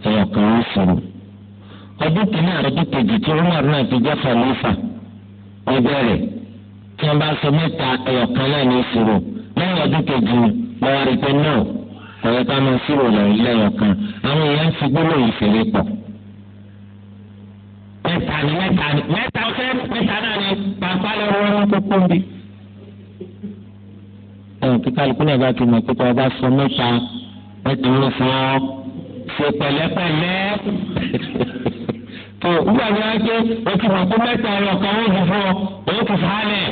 ẹ̀yọ̀ kan ń sọ̀rọ̀ ọdún kìíní àdún kejì tí Umar náà fi jẹ́ fàlífà ọjọ́ rẹ̀ tí wọ́n bá sọ mẹ́ta ẹ̀yọ̀ kan náà ní ìṣòro lẹ́yìn ọdún kejì lọ́wọ́ rí pé náà ọ̀rẹ́ ká máa ṣírò lẹ́yìn lẹ́yọ̀ kan àwọn èèyàn fi gbólóhùn ìṣeré pọ̀ mẹ́ta ni mẹ́ta ni mẹ́ta fẹ́ mẹ́ta náà ni pàpà lọ́wọ́ wọn kókó kíkálukú náà bá ti mọ̀ pé ọba sọ mẹ́ta nítorí fún ọ ṣe pẹ̀lẹ́pẹ̀lẹ́ tó wúwo ni wọn gbé wọn ti wọn kó mẹ́ta ẹyọ kan wọn fún ọ wọn kò fà á lẹ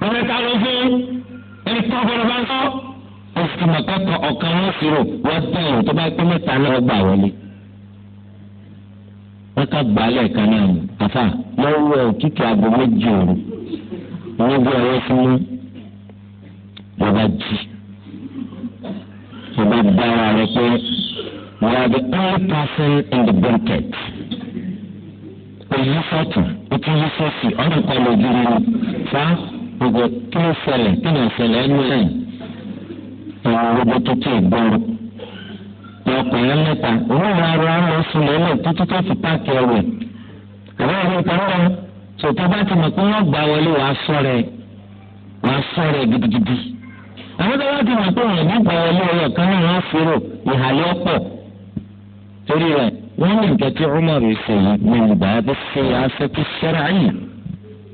wọn mẹ́ta ló fún ẹni tó ọgbọnọ bá ń sọ ọsùnmọ kẹkọ ọ̀kan wọn sírò wọn bẹ̀rù tó bá pé mẹ́ta náà gbà wọlé wọn ká gbà á lẹ́ẹ̀kan náà ní àfà lọ́wọ́ òkìkí aago méjì òru wọn gbé ọyọ fún lọba jí dára rẹ pé we are the only person in the blanket òyìn sọ̀tún ó ti yí sọ́ọ̀sì ọ̀dùn kan lójú mi fa gbogbo kí ló ṣẹlẹ̀ kí ló ṣẹlẹ̀ ẹnu ẹ̀ ẹ̀rọ gbogbo tó tó ìgbọ́rọ̀ ọkùnrin mẹ́ta òun ìwà ara ń lọ sílẹ̀ ẹ̀ títí tó fi páàkì ẹ̀rọ ẹ̀ àwọn ọ̀rọ̀ ìta ń lọ sọ̀tọ́ bá ti mọ̀ pé wọ́n gbà wọlé wàá sọ̀rẹ̀ wàá sọ̀rẹ̀ gidigidi àwọn tó bá ti mọ̀ pé wọn nígbà wọlé ọyọ kan náà wọn fúrò ìhàlẹ́ ọ̀pọ̀ torí rẹ̀ wọ́n ní nǹkan tí Umar ṣe yìí ní ìgbà tó ṣe aṣẹ́kù ṣẹ́ra yìí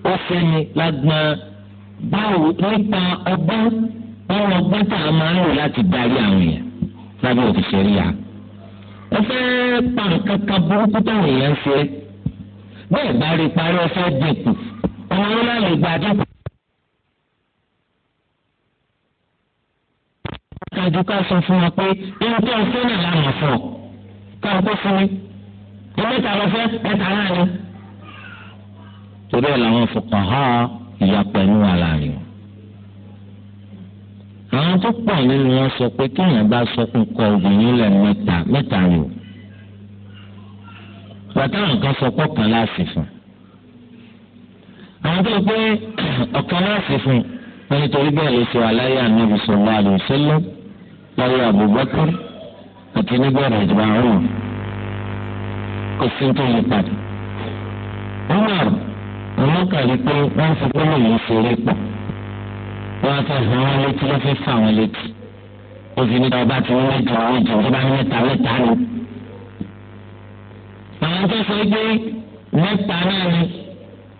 ó fẹ́ ni lágbọ́n báwo nípa ọgbọ́n báwo ọgbọ́n tá a máa ń lò láti darí àwọn èèyàn lábẹ́ òfin rí a. ẹ fẹ́ pa nǹkan kan burúkú táwọn èèyàn ṣe bẹ́ẹ̀ bá rí parí ọ fẹ́ dínkù ọmọ orílẹ̀-èdè gbàdúrà. ju ká sọ fún wa pé irú tó ń fẹ́ náà lánàá fún ọ káwọn kó fún mi ẹgbẹ́ta lọ fẹ́ ẹ̀ta náà ni. torí ẹ̀ làwọn fọkàn há ìyapọ̀ ẹ̀mí wà láàrin o. àwọn tó pọ̀ nínú wọn sọ pé kéèyàn bá sọkún kọ obìnrin lẹ̀ mẹ́ta mẹ́ta rè o. bàtà àwọn kan sọ pọ̀ kan láàsì fún. àwọn tó pé ọ̀kan láàsì fún nítorí bẹ́ẹ̀ ló ṣe wà láyé ànábì sallallahu alaihi wasallam láyé Abubakar àti nígbàrà ìjọba ọ̀hún kò sí tó lè padà. Umar ọlọ́kàlí pé wọ́n fi gbọ́dọ̀ yìí ṣeré pọ̀ wọ́n á fẹ́ hàn wọ́n létí ló fi fà wọ́n létí òfin ní ọba tí wọ́n mẹ́ta wọ́n jọ ọba mẹ́ta mẹ́ta ni. àwọn tó sọ pé mẹ́ta náà ni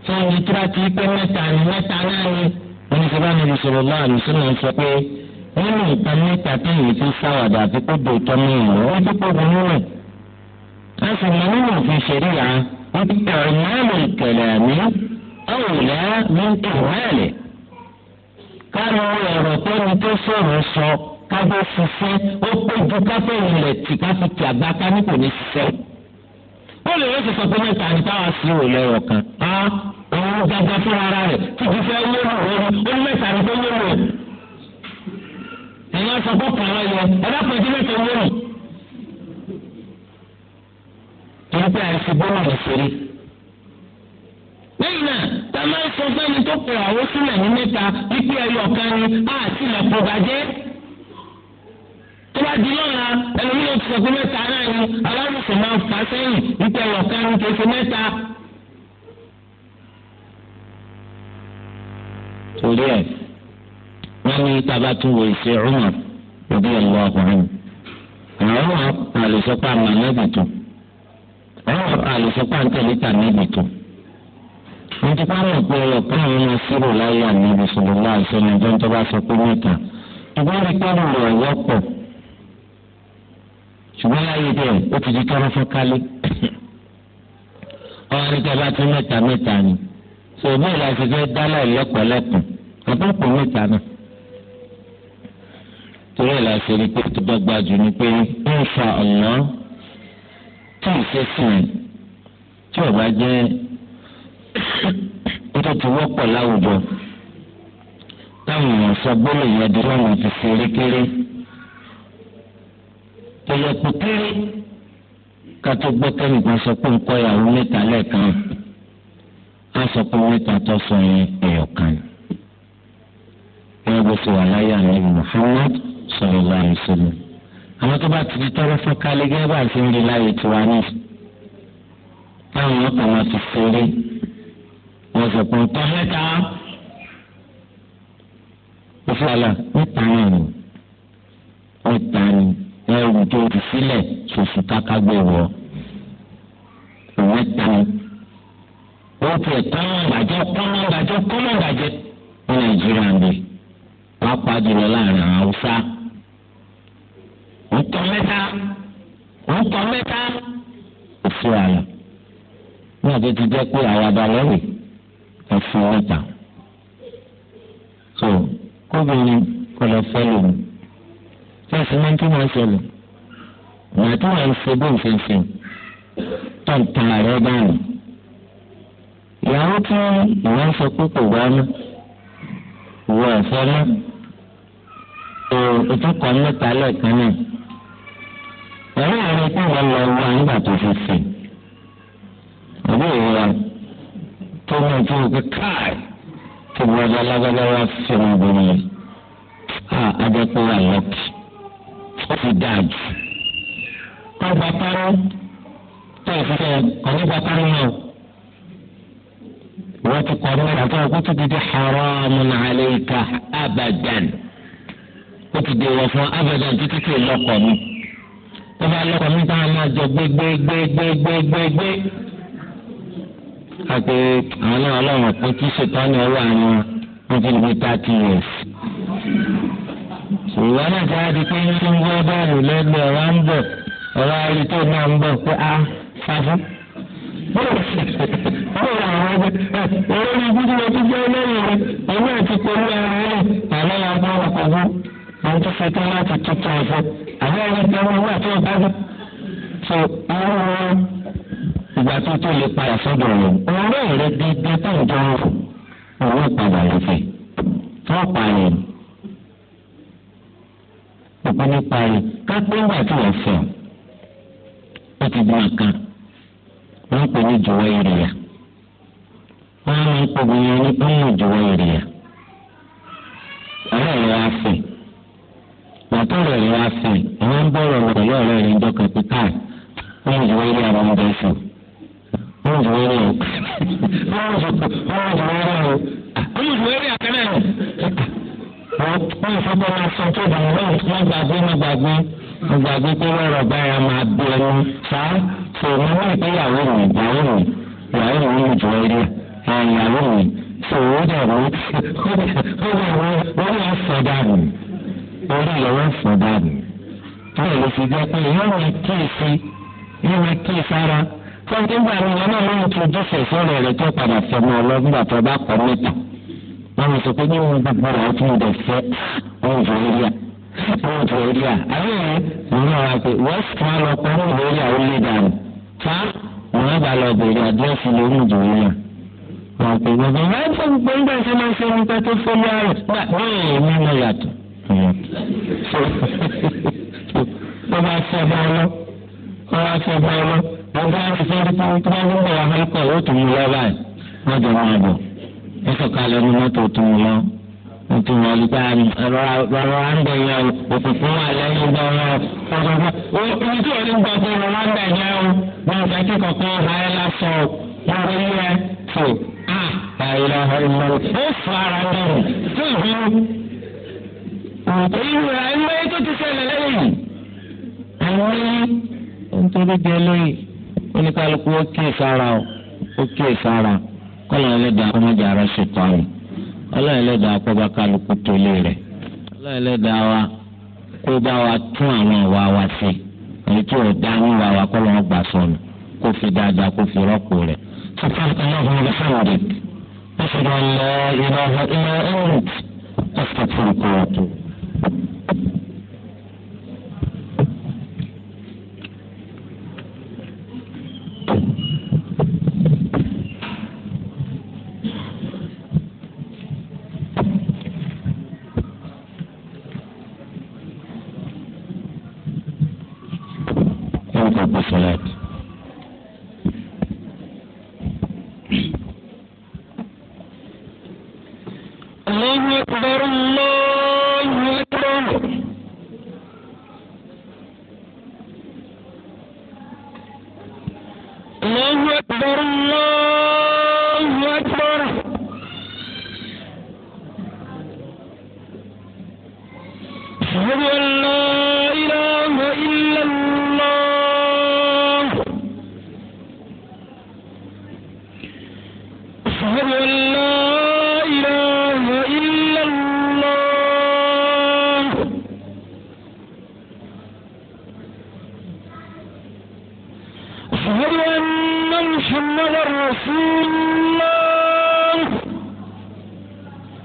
sọ́ni tí pé mẹ́ta ni mẹ́ta náà ni wọ́n ti bá mi sọ̀rọ̀ báà lùsùn náà sọ pé wọ́n ní nǹkan mẹ́ta téèyàn fi sáwàdà àti kódò tó mẹ́rin wọ́n dípò gbóná rẹ̀. a sì mọ nínú òfin ṣẹ̀rí yà wọ́n ti tẹ̀ ọ̀nà àlè ìkẹlẹ̀ mi ọ̀wùlá mi ń tẹ̀ wọ́n àlẹ̀. káàmù ọ̀rọ̀ tó ní tó sọ̀rọ̀ sọ kábọ̀ ṣiṣẹ́ ó pé ju káfẹ́ ìrìnlẹ̀ tì káfí tì àgbà ká ní kò ní ṣiṣẹ́. bọ́ọ̀lù yóò ti sọ pé mẹ́ta ní táwa sí òòlù ẹ̀rọ kan. òun gàgà fún rẹ̀ tìjú fẹ́ yé lò ẹ̀yin wá sọ fún kàrá yọ ẹ̀dá kan sí lẹ́sẹ̀ wúrọ̀. torí pé àìsí bọ́ọ̀lù òṣèré. lẹ́yìn náà tá a máa ń sọ fẹ́ni tó kọ àwọn sílẹ̀ ní mẹ́ta wípé ẹyọ kan ni a sì lọ kó bàjẹ́. tó bá di lọ́la ẹlòmíràn ti sọ pé mẹ́ta náà ni aláwòsàn máa ń fà sẹ́yìn wípé ẹyọ kan ni kò sí mẹ́ta. torí ẹ̀ fún yín tá a bá tún wò ìṣe Umar òbí ẹ̀ lọ ọkùnrin àwọn ọmọ àlùsọ́pá màlẹ́bí tó àwọn ọmọ àlùsọ́pá ń tẹ̀lé tà níbi tó wọ́n ti pààrọ̀ pé ọ̀pọ̀ àwọn ọmọ sírò láyé àmì ìbùsùlùmọ́ àìsàn ìjọ tó bá sọ pé mẹ́ta ìgbà rí pé ọ̀rọ̀ rẹ̀ wọ́pọ̀ ṣùgbọ́n láyé bẹ́ẹ̀ ó ti di tọrọ fọ́kálé ọ̀rọ̀ níta bá tún mẹ́ta mẹ́ta ni ṣòwò bẹ́ẹ̀ la ṣe fẹ́ dá mẹ́ta náà torí ẹ̀ la ṣe rí pé tó dọ́gba jù ni pé ń fa ọ̀nà tí ìṣe sìn tí ò bá jẹ́ tó ti wọ́pọ̀ láwùjọ táwọn èèyàn sọ gbólóò yẹn di lọ́wọ́ ti ṣe rékéré tó yẹ kó kéré ká tó gbọ́ kẹ́nìkan sọ pé nǹkan ìyàwó mẹ́ta lẹ́ẹ̀kan á sọ pé mẹ́ta tó sọ yẹn ẹ̀yọ̀kan. Ẹ bó ṣe wà láyé àná Muhammad sallallahu alaihi wasallam àwọn tó bá ti di tọrọ fọkálẹ gẹ́gẹ́ bá ti ń rí láyé tiwa ní táwọn ọkàn wọn ti fèrè wọn sọ pé nǹkan mẹ́ta òfin àlà níta náà ni ọ̀tá ni ẹrù tó fi sílẹ̀ ṣòṣù kákágbé wọ mẹ́ta ni ó tiẹ̀ kọ́nà ìbàjẹ́ kọ́nà ìbàjẹ́ ní nàìjíríà ń bẹ̀ wọ́n pa jùlọ láàrin àwọn haúsá nkọ mẹ́ta nkọ mẹ́ta òfin àlà náà tó ti jẹ́ pé àwọn abalẹ́wì ẹ̀fọn mẹ́ta so kóbìnrin kò lọ fẹ́ lòun tí ẹ̀sìn máa ń tún wọn ṣẹlẹ̀ ìgbà tí wọ́n ń ṣe bó nfẹ̀fẹ̀ tó ń tan ààrẹ dànù ìyàwó tí ìwọ́n sọ pé kò bá mú ìwọ ẹ̀fọ́ náà ètò kan mẹ́ta lẹ́ẹ̀kan náà. ẹ̀rọ ààrẹ wọn lọ wá nígbà tó fi sìn àbí ìrora tó mú tó o pé káì tó gbọ́dọ̀ alágbádá fi wọn bọ nìyẹn a adẹ́pọ̀ wà ó fi dáa jù ọgbà parọ́ tó ìfẹ́ ọ̀nígbà parọ́ náà wọ́n ti kọ́ ọdún tó ti di abadan ó ti fún abadan títí lọ́kọ̀ọ́ mi. tó bá lọ́kọ̀ mi táwọn máa jọ gbégbégbégbégbégbé. àti àwọn náà ọlọ́run pé kí ṣètọ́ni ọwọ́ àwọn wọn ti lè thirty years. ìwọ náà ti wá di pé ń tún gbọ́ bọ́ọ̀lù lẹ́gbẹ̀ẹ́ ọ̀rọ̀ ń bọ̀ ọ̀rọ̀ ayé tó náà ń bọ̀ pé a sáfún olórí gbígbó tó jẹ́ lẹ́yìn rẹ̀ owó àti pẹ̀lú ara rẹ̀ àlọ́ àbọ̀ ọ̀pọ̀ wọn àwọn tó fẹ́ tán láti tó tó ọ̀fọ̀ àwọn ẹni tí wọn wà tó bá dé tó àwọn ìgbà tó tó lè padà sọ́dọ̀ rẹ̀ ọ̀rẹ́ rẹ̀ déédéé tó ń jọ owó ìpadà rẹ̀ fẹ́ tó parí òpin ní parí kápẹ́ ìgbà tó wọ́n fẹ́ ó ti gbọ́n kan wọ́n pè ní jọ̀wọ́ ìrìyà wọ́n á máa ń pè ní ọmọ jọ̀wọ́ ìrìyà ọ̀rẹ́ rẹ̀ á fẹ́ bàtà rẹ̀ rí wá sí i àwọn ń bọ̀rọ̀ lọ pẹ̀lú ọ̀rẹ́ rẹ̀ ńjọ kan pípa wọ́n ń wọlé àwọn ọmọdé fún wọ́n ń wọlé ọ̀ wọ́n ń wọlé ọ̀ wọ́n ń wọlé àkẹ́lẹ́ wọ́n ń fọ́pọ́ máa sọ tó bá wọ́n gbàgbé wọ́n gbàgbé wọ́n gbàgbé pé lọ́rọ̀ báyà máa bí ẹnu sá sọ̀rọ̀ náà ìgbéyàwó mi ìyàwó mi ìyàwó mi ń jọ ilé ìyàwó mi sọ̀rọ̀ ó dẹ̀ wọ́n ó dẹ̀ wọ́n wọ́n yà sọ̀dá mi orí ìyàwó ẹ̀fọ́ dànù táwọn ló fi jẹ́ pé yóò máa kíyèsí yóò máa kíyèsí ara fọ́nkí gbà mí wọn náà ló ń tún dúfẹ̀ sọ̀rọ̀ rẹ̀ tó padà fẹ́ mọ́ ọlọ́gbà tó bá kọ́ mẹ́ta wọn lè sọ pé ní wọn gbàgbọ́ rẹ̀ fún ọdẹ fẹ́ wọn fọ orí à wọn fọ orí à àwọn yẹn wọn náà wá pé wọ́n sì máa lọ pọ̀ ní ìwé ìyàwó lé dànù fa wọn bá lọ bèrè àdírẹ́sì lórí ìdòwú náà wọn pè gbogbo wọn fọ gbogbo ń gbà tó bá fẹ́ bá ọ lọ wọ́n bá fẹ́ bá ọ lọ wọ́n bá rí sọ́ọ́ tó tó bá gbọ́ wà hálùkọ̀ yóò tún mú lọ́ọ́ báyìí wọ́n jọ máa bọ̀ wọ́n sọ̀kalẹ̀ ní mọ́tò tún mú lọ́ọ́ nítorí wọn lè gba rọra ń bẹ yẹn o òfófó wà lẹ́yìn gbọ wọn o ibi tí wọn lè gbà pé rọra ń bẹ yẹn o wọn fẹ́ kí kọ̀ọ̀kan ayé lásán o wọn bẹ yẹ tó a ayé lọ́wọ́ ìmọ̀ràn èyí wò láyé lóye tó ti ṣẹlẹ̀ lẹ́yìn. àwọn yìí nítorí di eléyìí oníkálukú ó kí ó kí ẹlẹ́dàá rẹ̀ ṣe tọ́ ni kọ́lá ẹlẹ́dàá kọ́ba kálukú tó rẹ̀ kọ́lá ẹlẹ́dàá wa kó bá wa tún àwọn ìwà wa sí èyí tí ò dá níwà wa kọ́lá gbà sọnù kó fi dáadáa kó fi الله أكبر